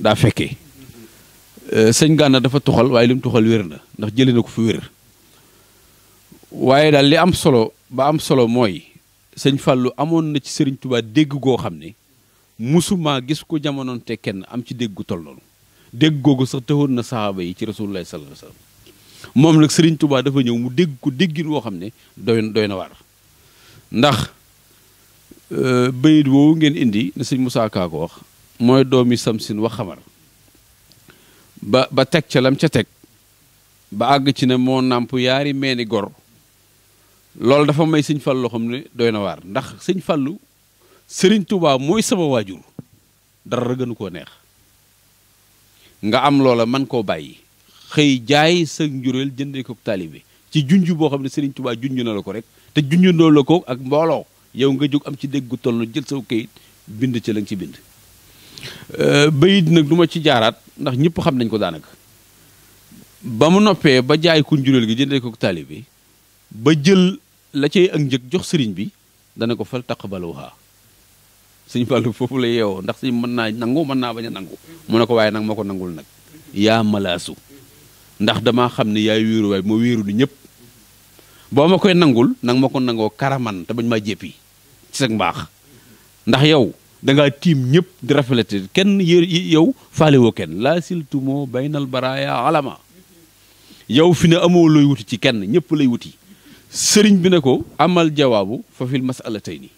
daa fekkee Euh, sëñ Gana dafa toxal waaye lim toxal wér na ndax jëlee na ko fu wér waaye daal li am solo ba am solo mooy sëñ Fallou amoon na ci sëriñ tubaa dégg goo xam ne musuma gis ko jamonoon te kenn am ci dégg gu toll noonu dégg googu sax taxoon na saxaaba yi ci rasulullah sallallahu alayhi wasallam moom nag sëriñ tubaa dafa ñëw mu dégg ko déggin woo xam ne doy doy na war ndax euh, bayit woowu ngeen indi ne sëñ Moussa Ka wax mooy doomi samsin wax xamar ba ba teg ca lam ca teg ba àgg ci ne moo nàmp yaari meeni gor loolu dafa may sëñ Fallu loo ne doy na waar ndax sëñ Fallu sëriñ Tuubaa mooy sama waajur dara gënu koo neex nga am loola man koo bàyyi xëy jaay sa njureel jëndee ko taalibe ci junj boo xam ne sëriñ Tuubaa junj na la ko rek te junjandoo la ko ak mbooloo yow nga jóg am ci dégg gu jël saw kayit bind ci la nga ci bind euh, bayit nag du ci jaaraat ndax ñëpp xam nañ ko daanaka ba mu noppee ba jaay kuñ juréel gi jëndee ko taalibe ba jël la cay ak njëg jox sëriñ bi dana ko fal taqbaluha sëñ Fallou foofu la yeewoo ndax sëñ mën naa nangu mën naa bañ a nangu mu ne ko waaye nag moo ko nangul nag yaa malaasu ndax dama xam ne yaay wéeru waay ma wéeru ni ñëpp boo ma koy nangul nang ma ko nangoo karaman te bañ maa jéppi ci sag mbaax ndax yow da ngaa tiim ñëpp di rafetlete kenn yow faale woo kenn laa siltumoo baynal baraaya alama yow fi ne amoo looy wuti ci kenn ñëpp lay wuti sëriñ bi ne ko amal jawaabu fa fil masalatayni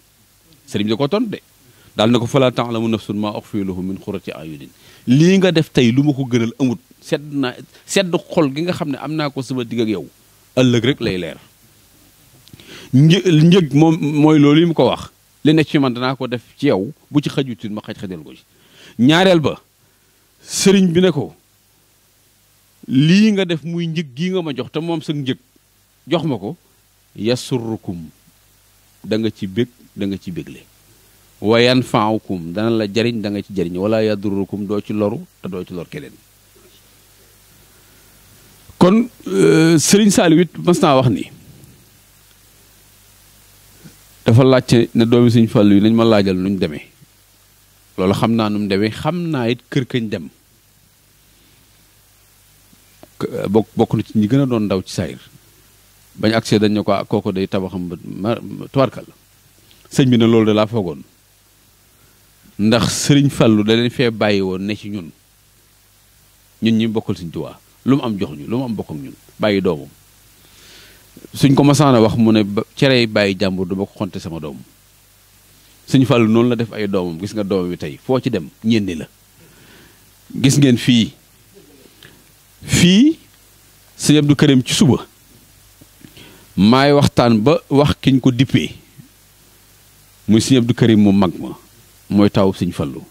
sëriñ bi da ko ton de daal ne ko falaata taalamu nafsun maa uxfiya lahum min xurati ayunin lii nga def tey lu ma ko gënal amut sedd sedd xol gi nga xam ne am naa ko sama digg ak yow ëllëg rek lay leer një njëg moom mooy loolu yi mu ko wax li ne ci man danaa ko def ci yow bu ci xajutit ma xaj xajal ko ci ñaareel ba sëriñ bi ne ko lii nga def muy njëg gii nga ma jox te moom sa njëg jox ma ko yasurrukum da nga ci bég da nga ci bégle wa yanfaukum dana la jariñ da nga ci jariñ wala yadurrukum doo ci loru te doo ci lor keneen kon euh, sëriñ Saliou it mas naa wax ni dafa laajte ne doomi sëñ Fàllu yi nañ ma laajal nuñ demee loolu xam naa nu mu demee xam naa it kër kañ dem eh, bokk bokk na ci ñi gën a doon ndaw ci saayir bañ accès dañ ne ko ah, kooku day tabaxam ba tubaarkal sëñ bi ne loolu de laa foogoon ndax sëriñ Fàllu da leen fee bàyyi woon ne ci ñun ñun ñi bokkal sëñ Tuubaa lu mu am jox ñu lu mu am bokk ñun bàyyi doomam suñ ko masaan a wax mu ne cerey bàyyi jàmbur du ma ko xonte sama doom suñ fàllu noonu la def ay doomam gis nga doomam bi tey foo ci dem ñenni la gis ngeen fii fii sëñ du kërim ci suba maay waxtaan ba wax kiñ ko dippee muy sëñ du kërim mu mag ma mooy taw sëñ Fallu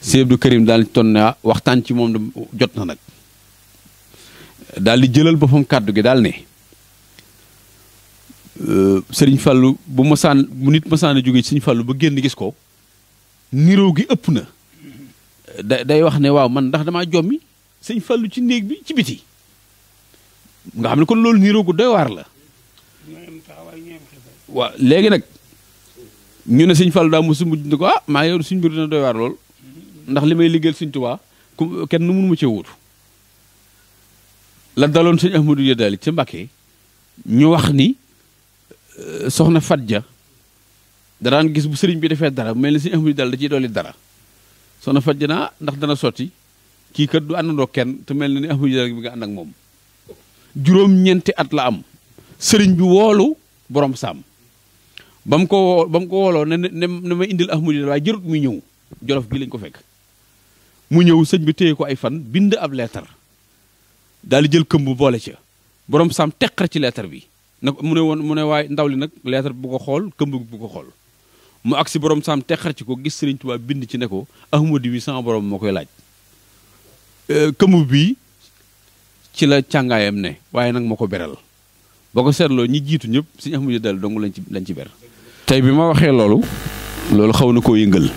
sëñ Abdou Karim daal ton na ah, waxtaan ci moom jot na nag daal di jëlal boppam kàddu gi daal ne sëriñ fallu bu masaan bu nit masaan a jóge ci sëriñ ba génn gis ko niroo gi ëpp na da day wax ne waaw man ndax damaa jommi sëriñ Fallou ci néeg bi ci biti nga xam ne kon loolu niroo gu doy la waaw léegi nag ñu ne sëriñ Fallou daa mosu mujj ne ko ah maa yow suñ mbir dina doy waar lool ndax li may liggéey sëriñ Tuubaa ku kenn mënu ma cee wutu la daloon sëriñ Ahmadou Yadaali ca Mbàkke ñu wax ni Euh, soxna Fadja da daan gis bu sëriñ bi defee dara mel ni si amul dal da ciy dolli dara soxna Fadja naa ndax dana sotti kii kat du àndandoo kenn te mel na ni amul dal bi nga ànd ak moom. juróom-ñeenti at la am sëriñ bi woolu borom saam ba mu ko woo ko wooloo ne ne ne ma indil ahmadu dal waaye jërut muy ñëw jolof gi lañ ko fekk mu ñëw sëñ bi téye ko ay fan bind ab leetar daal di jël këmb boole ca borom saam teqar ci leetar bi. na mu ne woon mu ne waaye ndaw li nag lettre bu ko xool këmb bu ko xool mu àgg si borom saam te xar ci ko gis Serigne Touba bind ci ne ko ahmadu bi sama borom moo koy laaj euh, këmb bii ci la càngaayam ne waaye nag moo ko beral boo ko seetloo ñi jiitu ñëpp Serigne ahmadu dal dong lañ ci lañ ci ber. tey bi ma waxee loolu. loolu xaw na koo yëngal.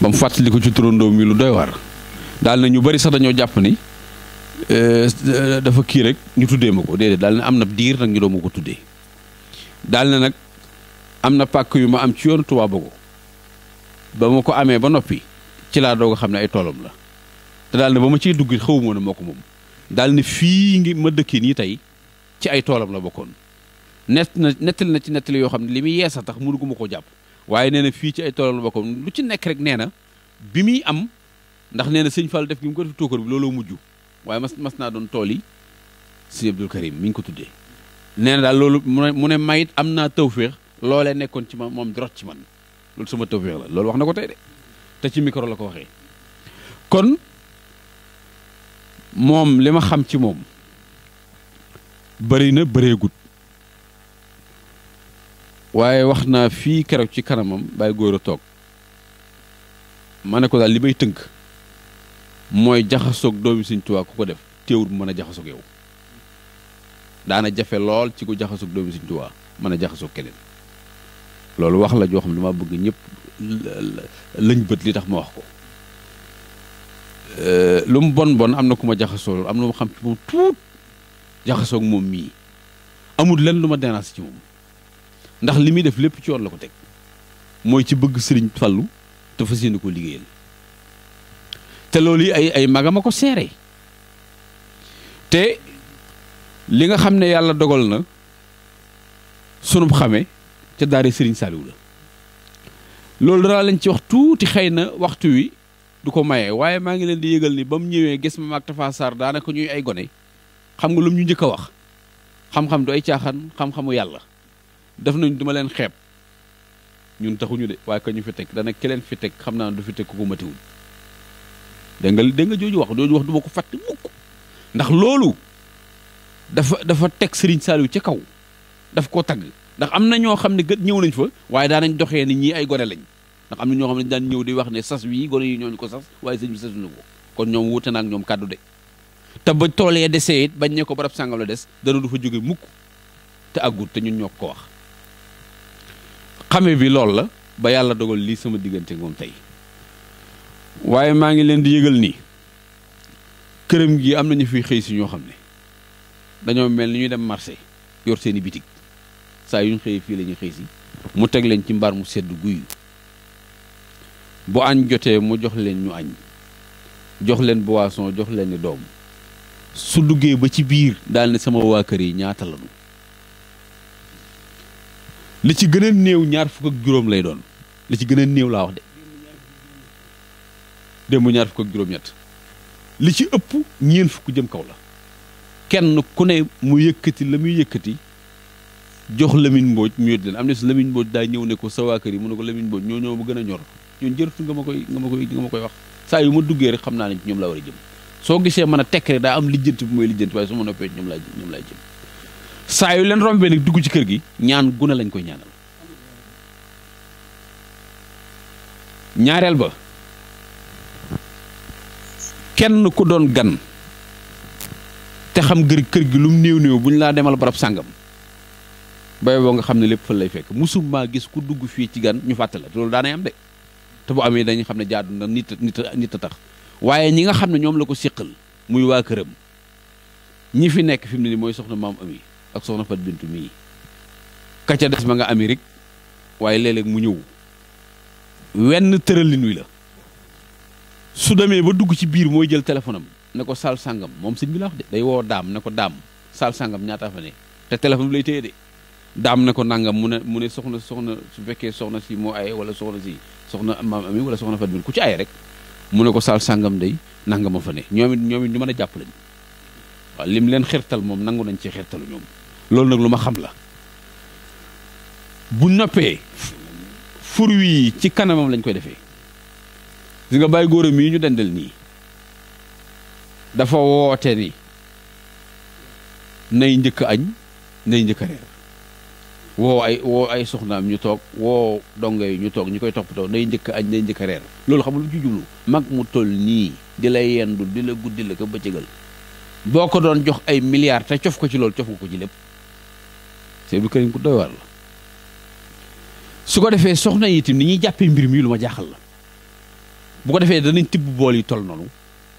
ba mu fàttali ko ci turandoom yi lu doy war daal na ñu bari sax dañoo jàpp ni. Euh, dafa kii rek ñu tuddee ma ko déedéet daal ne am na diir nag ñu doon ma ko tuddee daal ne nag am na pàkk yu ma am ci yoonu Touba Bogo ba ma ko amee ba noppi ci laa doog a xam ne ay toolam la te daal na ba ma ciy dugg xawuma ne moo ko moom daal ne fii ngi ma dëkkee nii tey ci ay toolam la bokkoon nett na nettali na ci nettali yoo xam ne li muy yeesa tax mënu ma koo jàpp waaye nee na fii ci ay toolam la bokkoon lu ci nekk rek nee na bi muy am ndax nee na sëñ Fall def gi ko def looloo mujj waaye mas mas naa doon tool yi sëñ Abdul Karim mi ngi ko tuddee nee na daal loolu mu ne mayit am naa tawféex loolee nekkoon ci ma moom dirot ci man loolu sama tawféex la loolu wax na ko tey de te ci micro la ko waxee kon moom li ma xam ci moom bari na bëreegut waaye wax naa fii keroog ci kanamam bàyyi góor a toog ma ne ko daal li may tënk mooy jaxasoog doomi Sëñ Tuubaa ku ko def téewul mën a jaxasoog yow daana jafe lool ci ku jaxasoog doomi Sëñ Tuubaa mën a jaxasoog keneen loolu wax la joo xam ne dama bëgg ñëpp lañ bët li tax ma wax ko euh, lu mu bon bon am na ku ma jaxasoo am na ma xam ci moom tuut jaxasoog moom mii amul lenn lu ma dérange ci moom ndax li muy def lépp ci yoon la ko teg mooy ci bëgg sëriñ Fallu dafa fas koo ko liggéeyal te loolu yi ay ay magama ko seere te li nga xam ne yàlla dogal na sunub xame ca daari sëriñ Saliou la loolu danaa leen ci wax tuuti xëy na waxtu wi du ko maye waaye maa ngi leen di yëgal ni ba mu ñëwee gis ma maag Tafa Sarr daanaka ñuy ay gone xam nga lu ñu njëkk a wax xam-xam du ay caaxaan xam-xamu yàlla def nañ duma leen xeeb ñun taxuñu de waaye ka ñu fi teg dana ki leen fi teg xam naa du fi teg ku ko matiwul dégg nga dégg nga jooju wax jooju wax du ma ko fàtte ndax loolu dafa dafa teg Serigne Saliou ci kaw daf koo tagg ndax am na ñoo xam ne gët ñëw nañ fa waaye daanañ doxee ni ñii ay gone ndax am na ñoo xam ne daan ñëw di wax ne sas wii gone yi ñooñu ko sas waaye sëñ bi sasuñu ko kon ñoom wuute na ak de te ba toolee desee it bañ ne ko barab sàngam la des dara du fa jóge mukk te àggut te ñun ñoo ko wax xame bi loolu la ba yàlla dogal lii sama diggante moom tey waaye maa ngi leen di yëgal nii këram gi am nañu fi xëy si ñoo xam ne dañoo mel ni ñu dem marché yor seeni bitig saa yuñ ñu xëyee fii lañuy ñuy si mu teg leen ci mbaar mu sedd guy bu añ jotee mu jox leen ñu añ jox leen boisson jox leen ni doom su duggee ba ci biir daal ne sama waa kër yi ñaata lañu li ci gën a néew ñaar fukk ak juróom lay doon li ci gën a néew laa wax de démb ñaar fukk ak juróom-ñett li ci ëpp ñeen fukk jëm kaw la kenn ku ne mu yëkkati la muy yëkkati jox Lamine Mbodj mu yót leen am na si Lamine Mbodj daa ñëw ne ko sa waa kër yi mu ne ko Lamine Mbodj ñoo ñoo ma gën ñor ñoon jërëtu nga ma koy nga ma koy nga koy wax saa yu ma duggee rek xam naa ne ñoom laa war a jëm soo gisee mën a tekk rek daa am lijjanti bu mooy lijjanti waaye su ma noppee ñoom ñoom laa jëm saa yu leen rombee nag dugg ci kër gi ñaan ne lañ koy ñaanal ñaareel ba kenn ku doon gan te xam gër kër gi lu mu néew néew bu ñu laa demal barab sàngam ba boo nga xam ne lépp fan lay fekk maa gis ku dugg fii ci gan ñu fàttali la loolu daanay am de te bu amee dañuy xam ne jaadu na nit nit nit a tax waaye ñi nga xam ne ñoom la ko siqal muy waa këram ñi fi nekk fi mu ne nii mooy soxna maam ami ak soxna fat bintu mii ka ca des ma nga Amérique waaye léeg mu ñëw wenn tëralin wi la su demee ba dugg ci biir mooy jël téléphone ne ko sal sàngam moom sëñ bi de day woo daam ne ko daam sal sangam ñaata fa ne te téléphone bi lay daam ne ko nangam mu mu soxna soxna su fekkee soxna si moo aye wala soxna si soxna maam wala soxna Fatou ku ci aye rek mu ne ko sal sangam day nangama fa ne ñoom it ñu mën a jàpp lañ waaw lim leen xirtal moom nangu nañ ci xirtalu ñoom loolu nag lu ma xam la bu noppee fur wi ci kanamam lañ koy defee. gis nga bàyyi góoram yi ñu dendal nii dafa woote ni nay njëkk añ nay njëkk reer woo ay woo ay soxnaam ñu toog woo dongo yi ñu toog ñu koy toppatoo nay njëkk añ nay njëkk reer loolu xamul nga lu mag mu toll nii di la yendu di la guddi la ko bëccëgal boo ko doon jox ay milliards te cof ko ci loolu cof nga ko ci lépp c'est këriñ ku doy waar la su ko defee soxna yi ni ñuy jàppee mbir mi lu ma jaaxal la bu ko defee danañ tibb bool yi toll noonu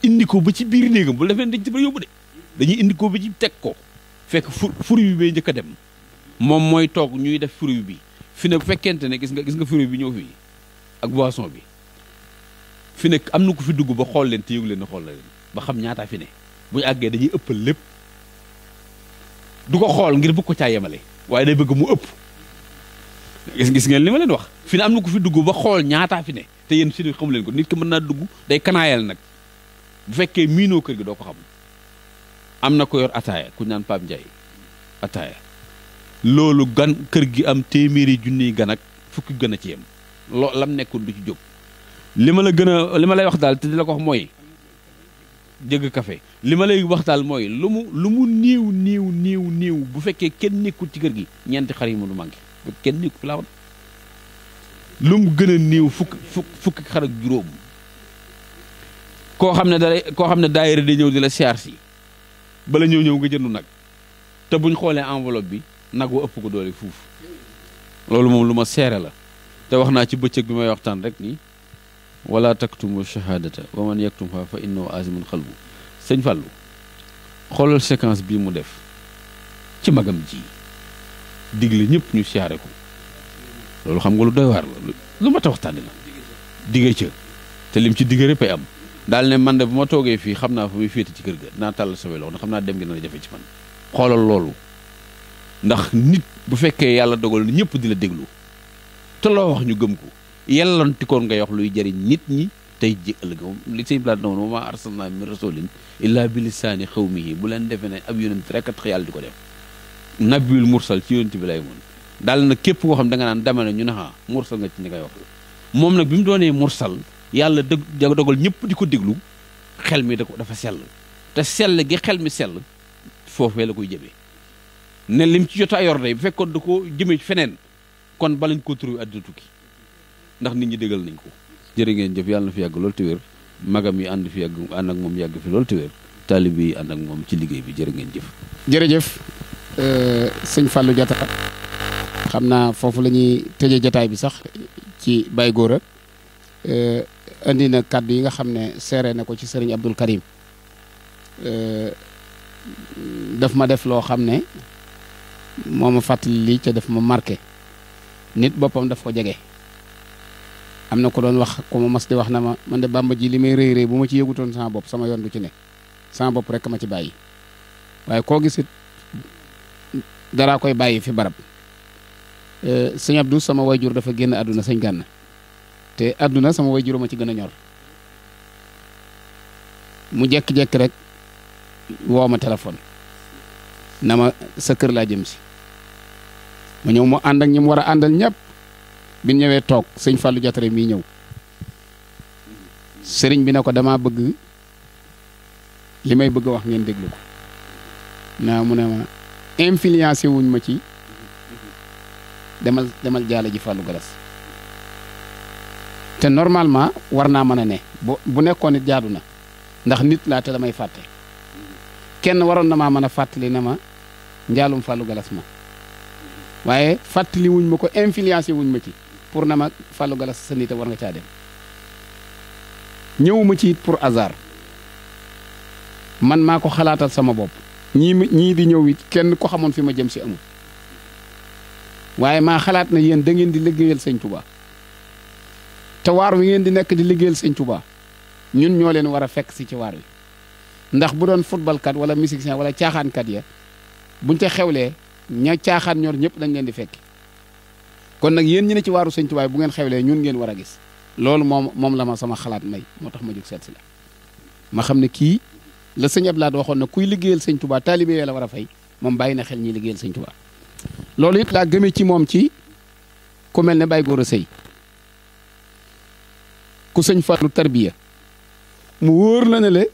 indi ko ba ci biir néegam bu defee dañ tibb yóbbu de dañuy indi ko ba ci teg ko fekk fu fruit bi bay njëkk a dem moom mooy toog ñuy def fruit bi fi ne bu fekkente ne gis nga gis nga fruit bi ñëw fii ak boisson bi fi ne am na ku fi dugg ba xool leen te yëgu leen ne xool la leen ba xam ñaata fi ne bu ñu àggee dañuy ëppal lépp du ko xool ngir bëgg ko caa yemale waaye day bëgg mu ëpp gis gis ngeen li ma leen wax fi ne am na ku fi dugg ba xool ñaata fi ne te yéen si xamu leen ko nit ki mën naa dugg day kanaayal nag bu fekkee miinoo kër gi doo ko xam am na ko yor ataaya ku naan Pape Ndiaye ataaya loolu gan kër gi am téeméeri junniy gan ak fukki gën a ci yam loo lam nekkoon du ci jóg li ma la gën a li ma lay wax daal te di la ko wax mooy jëgg kafe li ma lay wax daal mooy lu mu lu mu niiw niiw niiw niiw bu fekkee kenn nekkul ci gi ñeenti xar yi mu du manqué kenn ni ko lu mu gën a néew fukk fukki xar juróom koo xam ne da koo xam ne daayira day ñëw di la siyaar si bala ñëw ñëw nga jëndu nag te buñ xoolee enveloppe bi nag wa ëpp ko doole fuuf loolu moom lu ma seere la te wax naa ci bëccëg bi may waxtaan rek nii wala taktumu shahadata wa man yaktumha fa innahu azimun xalbu sëñ Fallou xoolal séquence bii mu def ci magam ji digle ñëpp ñu siyaare ko loolu xam nga lu doy waar la lu ma ta waxtaane la digge ca te lim ci digge rëpp am daal ne man de bu ma toogee fii xam naa fu muy féete ci kër gi naa tàll sama loxo xam naa dem gi dana jafe ci man xoolal loolu ndax nit bu fekkee yàlla dogal na ñëpp di la déglu te loo wax ñu gëm ko yellantikoon nga wax luy jëriñ nit ñi tey ji ëllëg moom li sëñ Blaat noonu wa maa arsalnaa min rasuulin illaa bi lisaani xawmihi bu leen defee ne ab yonent rekk a tax yàlla di ko def nabiul mursal ci yonent bi lay mun daal na képp koo xam da nga naan dama ñu ne ah mursal nga ci ñi koy wax moom nag bi mu doonee mursal yàlla dëgg dogal ñëpp di ko déglu xel mi da ko dafa sell te sell gi xel mi sell foofee la koy jëmee ne lim ci jot a yor day bu fekkoon da ko jëmee feneen kon balañ ko turu àddina tukki ndax nit ñi déggal nañ ko jërë ngeen jëf yàlla na fi yàgg loolu te magam yi ànd fi yàgg ànd ak moom yàgg fi loolu te wér taalib yi ànd ak moom ci liggéey bi ngeen jëf Euh, sëñ Fallou Diatta xam naa foofu lañuy tëje jataay bi sax ci Baye Gora indi euh, na kàddu yi nga xam ne seere na ko ci sëriñ Abdul Karim euh, daf ma def loo xam ne moo ma fàttali lii ca def ma marqué nit boppam daf ko jege am na ko doon wax ku ma mas di wax na ma man de bàmba ji li may rëy rëy bu ma ci yëgutoon sama bopp sama yoon du ci ne sama bopp rek ma ci bàyyi waaye koo gisit daraa koy bàyyi fi barab euh, sëñ Abdou sama wayjur dafa génn àdduna sëñ Gànna te àdduna sama wayjur ma ci gën a ñor mu jekk-jekk rek woo ma téléphone na ma sa kër laa jëm si ma ñëw mu ànd ak ñi mu war a àndal ñëpp bi ñëwee toog sëñ Fallou Jatare mii ñëw sëriñ bi ne ko damaa bëgg li may bëgg wax ngeen déglu ko naa mu ne ma influencé wuñ ma ci demal demal jaale ji Fallou Galas te normalement war naa man a ne bu nekkoon nit jaadu na ndax nit laa te damay fàtte kenn waroon na maa mën a fàttali na ma njaalum fàllu Galas ma waaye fàttaliwuñ ma ko influencé wuñ ma ci pour na ma Fallou Galas sa nit war nga caa dem ñëwuma ci pour hasard man maa ko xalaatal sama bopp ñii ñii di ñëw it kenn ko xamoon fi ma jëm si amul waaye maa xalaat na yéen da ngeen di liggéeyal sëñ Touba te waar wi ngeen di nekk di liggéeyal sëñ ñun ñoo leen war a fekk si ci waar wi ndax bu doon football kat wala musicien wala caaxaankat ya buñ ca xewlee ña caaxaan ñor ñëpp dañ leen di fekki kon nag yéen ñi ne ci waaru sëñ Touba bu ngeen xewlee ñun ngeen war a gis loolu moom moom la ma sama xalaat may moo tax ma jóg seet si la ma la sëñ Abdoulaye waxoon na kuy liggéeyal sëñ Touba taalibe yee la war a fay moom bàyyi na xel ñiy liggéeyal sëñ Touba loolu it laa gëmee ci moom ci ku mel ne Baye a Seye ku sëñ Fallou tarbiya mu wóor la ne le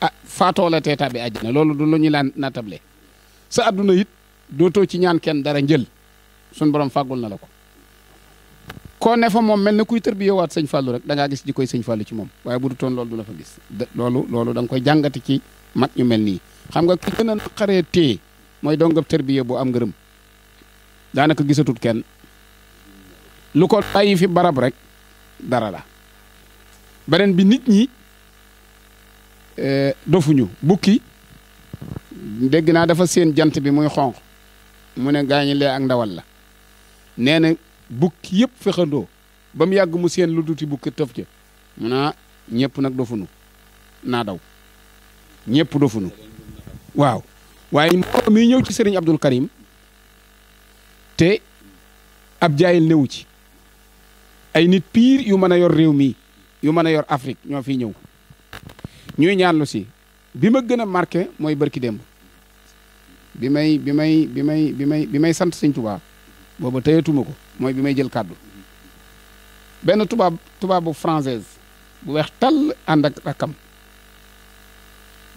ah faatoo la tee bi àjjana loolu du lu ñu laan natable sa adduna it dootoo ci ñaan kenn dara njël suñ borom fàggul na la ko koo ne fa moom mel na kuy tërbi yowaat sëñ Fallou rek da gis di koy sëñ Fallou ci moom waaye bu du toon loolu du la fa gis loolu loolu danga koy jàngati ci mag ñu mel nii xam nga ki gën a naqaree téye mooy dongab tërbiye bu am ngërëm daanaka gisatut kenn lu ko bàyyi fi barab rek dara la beneen bi nit ñi e, dofuñu bukki dégg naa dafa séen jant bi muy xonq mu ne gaañi lee ak ndawal la nee bukki yëpp fexandoo ba mu yàgg mu seen lu duti bukki tëf ca mu naa ah, ñëpp nag dofunu naa daw ñëpp dofunu waaw waaye moom ñëw ci sëriñ Abdul Karim te ab jaayil néwu ci ay nit piir yu mën a yor réew mi yu mën a yor Afrique ñoo fi ñëw ñuy ñaanlu si bi ma gën a marqué mooy bërki démb bi may bi may bi may bi may may sant sëñ booba teyatuma ko mooy bi may jël kàddu benn tubaab tubaabu bu bu weex tàll ànd ak rakkam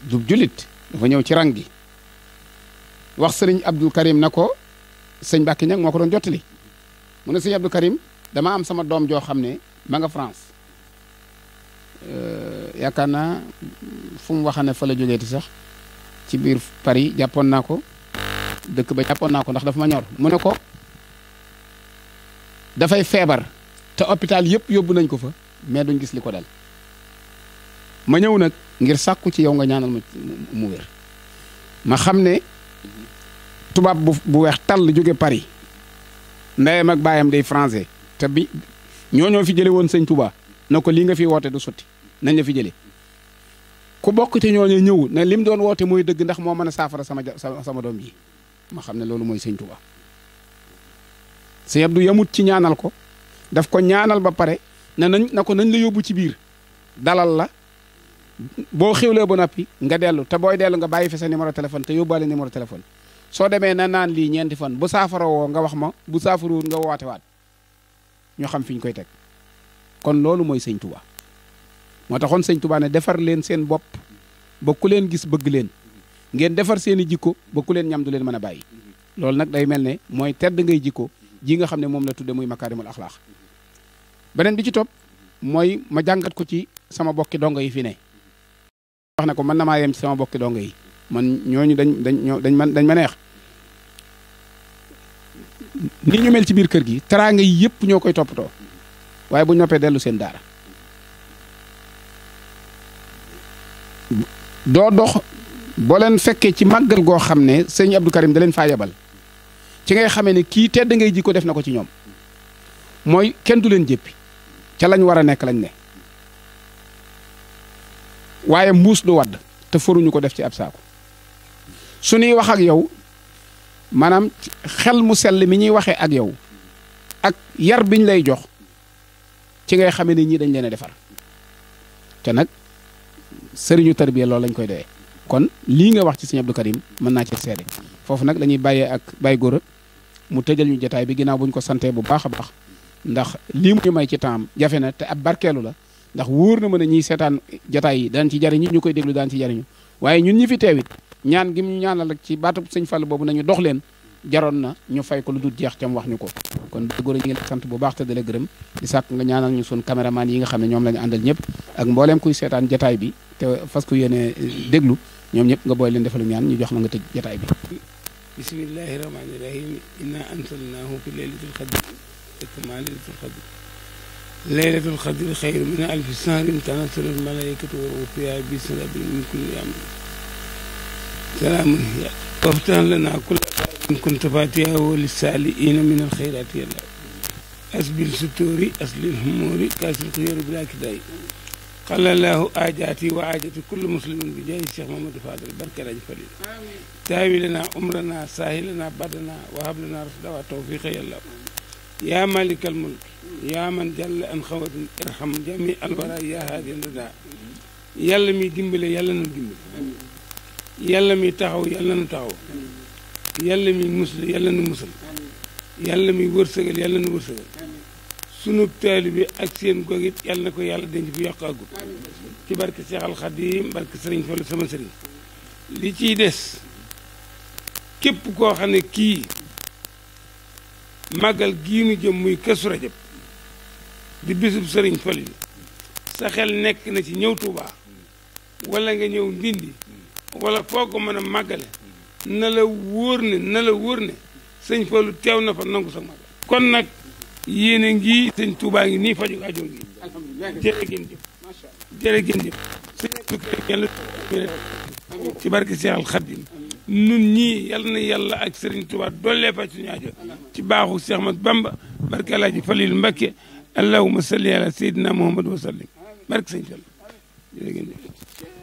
dub julit dafa ñëw ci rang gi wax sëriñ Abdul Karim na ko sëñ Bàkki ñag moo ko doon jottali mu ne sëñ Abdul Karim dama am sama doom joo xam ne manga nga France euh, yaakaar naa fu mu waxane fa la jógeeti sax ci biir Paris jàppoon naa ko dëkk ba jàppoon naa ko ndax dafa ma ñor mu ne ko dafay feebar te hôpital yëpp yóbbu nañ ko fa mais duñ gis li ko dal ma ñëw nag ngir sàkku ci yow nga ñaanal ma mu wér ma xam ne tubaab bu bu weex tàll jóge Paris ndeyam ak baayam day français te bi ñoo ñoo fi jële woon sëñ Touba na ko lii nga fi woote du sotti nañ la fi jële ku bokk ci ñooñu ñëw ne lim doon woote mooy dëgg ndax moo mën a saafara sama sama doom ji ma xam ne loolu mooy sëñ Touba sëñ du yamut ci ñaanal ko daf ko ñaanal ba pare ne nañ na ko nañ la yóbbu ci biir dalal la boo xewlee ba noppi nga dellu te booy dellu nga bàyyi fi sa numéro téléphone te yóbbaale numéro téléphone soo demee na naan lii ñeenti fan bu saafara woo nga wax ma bu saafara woo nga woote waat ñu xam fi ñu koy teg kon loolu mooy sëñ Touba moo taxoon sëñ Touba ne defar leen seen bopp ba ku leen gis bëgg leen ngeen defar seen i jikko ba ku leen ñam du leen mën a bàyyi loolu nag day mel ne mooy tedd ngay jikko ji nga xam ne moom la tudde muy makaarimul axlaax beneen bi ci topp mooy ma jàngat ko ci sama bokki dongo yi fi ne wax na ko mën na maa yem dongo yi man ñooñu dañ dañ ñoo dañ man dañ ma neex ni ñu ci biir kër gi teraanga yi yëpp ñoo koy toppatoo waaye bu noppee dellu seen daara doo dox boo leen fekkee ci màggal goo xam ne sëñ Abdou Karim da leen faa yebal ci ngay xamee ne kii tedd ngay ko def na ko ci ñoom mooy kenn du leen jéppi ca lañ war a nekk lañ ne waaye mbuus du wadd te foruñu ko def ci ab saako su ñuy wax ak yow maanaam xel mu sell mi ñuy waxee ak yow ak yar biñ lay jox ci ngay xame ni ñii dañ leen a defar te nag sëriñu tarbiya loolu lañ koy doyee kon lii nga wax ci sëñ Abdou Karim mën naa ci seede foofu nag dañuy bàyyee ak bàyyi góora mu tëjal ñu jataay bi ginnaaw bu ñu ko santee bu baax a baax ndax lii mu may ci temps jafe na te ab barkeelu la ndax wóor na mën a ñiy seetaan jataay yi daan ci jariñu ñu koy déglu daan ci jariñu waaye ñun ñi fi teewit ñaan gi mu ñaanal rek ci baatub sëñ Fall boobu nañu dox leen jaroon na ñu fay lu dul jeex tam wax ñu ko kon góor ñi ngi sant bu baax te dala gërëm di sàkk nga ñu sun caméraman yi nga xam ne ñoom la ñu àndal ñëpp ak mbooleem kuy seetaan jataay bi te fas ku yéene déglu ñoom ñëpp nga booy leen defalu ñaan ñu jox la nga tëj jataay bi bismillahi rahmaani rahim inna ansalnaahu fi leylatul xadri exactement leylatul xadri leylatul xadri xayru min alfi sahrin tanazzalu lmalaikatu wa ruuhu fiha bi salaamin min kulli amrin salaamun hiya waftah lanaa kulla baarin kunta faatihahu lissaaliina min alxayraati yàlla asbil sutuuri aslil humuuri kaasil xiyari bilaa kidaayi xalallahu ajaati wa ajaati kulli muslimin bi jaayi Cheikh Mamadou Fadal barke lañ fali taawilana umrana saahilana badana wa hablana rasda wa tawfiqa yàlla yaa malikal mulk yaa man jàll an xawatin irham jami alwara yaa haadi rida yàlla mi dimbale yàlla na dimbale yàlla mi taxaw yàlla na taxaw yàlla mi musal yàlla na musal yàlla mi wërsëgal yàlla na wërsëgal sunu teelu bi ak seen goog it na ko yàlla denc fi yokk àggut ci barke Cheikh Al Khadim barke Serigne Fallou sama sëriñ li ciy des képp koo xam ne kii màggal gii nu jëm muy Kazu Rajab di bisub Serigne Fallou sa xel nekk na ci ñëw Touba wala nga ñëw Ndindi walla foo ko mën a màggale na la wóor ne na la wóor ne sëñ Fallou teew na fa nangu sa màggal kon nag yéen a ngi sëñ Touba ngi nii faju aajo ngi jërë ngeen jëf jërë ngeen jëf yàlla ci barke Seex al nun ñii yal na yàlla ak sëriñ Touba doollee faj suñu aajo ci baaxu Seex Ahmadu Bamba barke Alaaji Falil Mbakke allahuma salli ala sayyidina Muhammad wa sallim barke sëñ Fall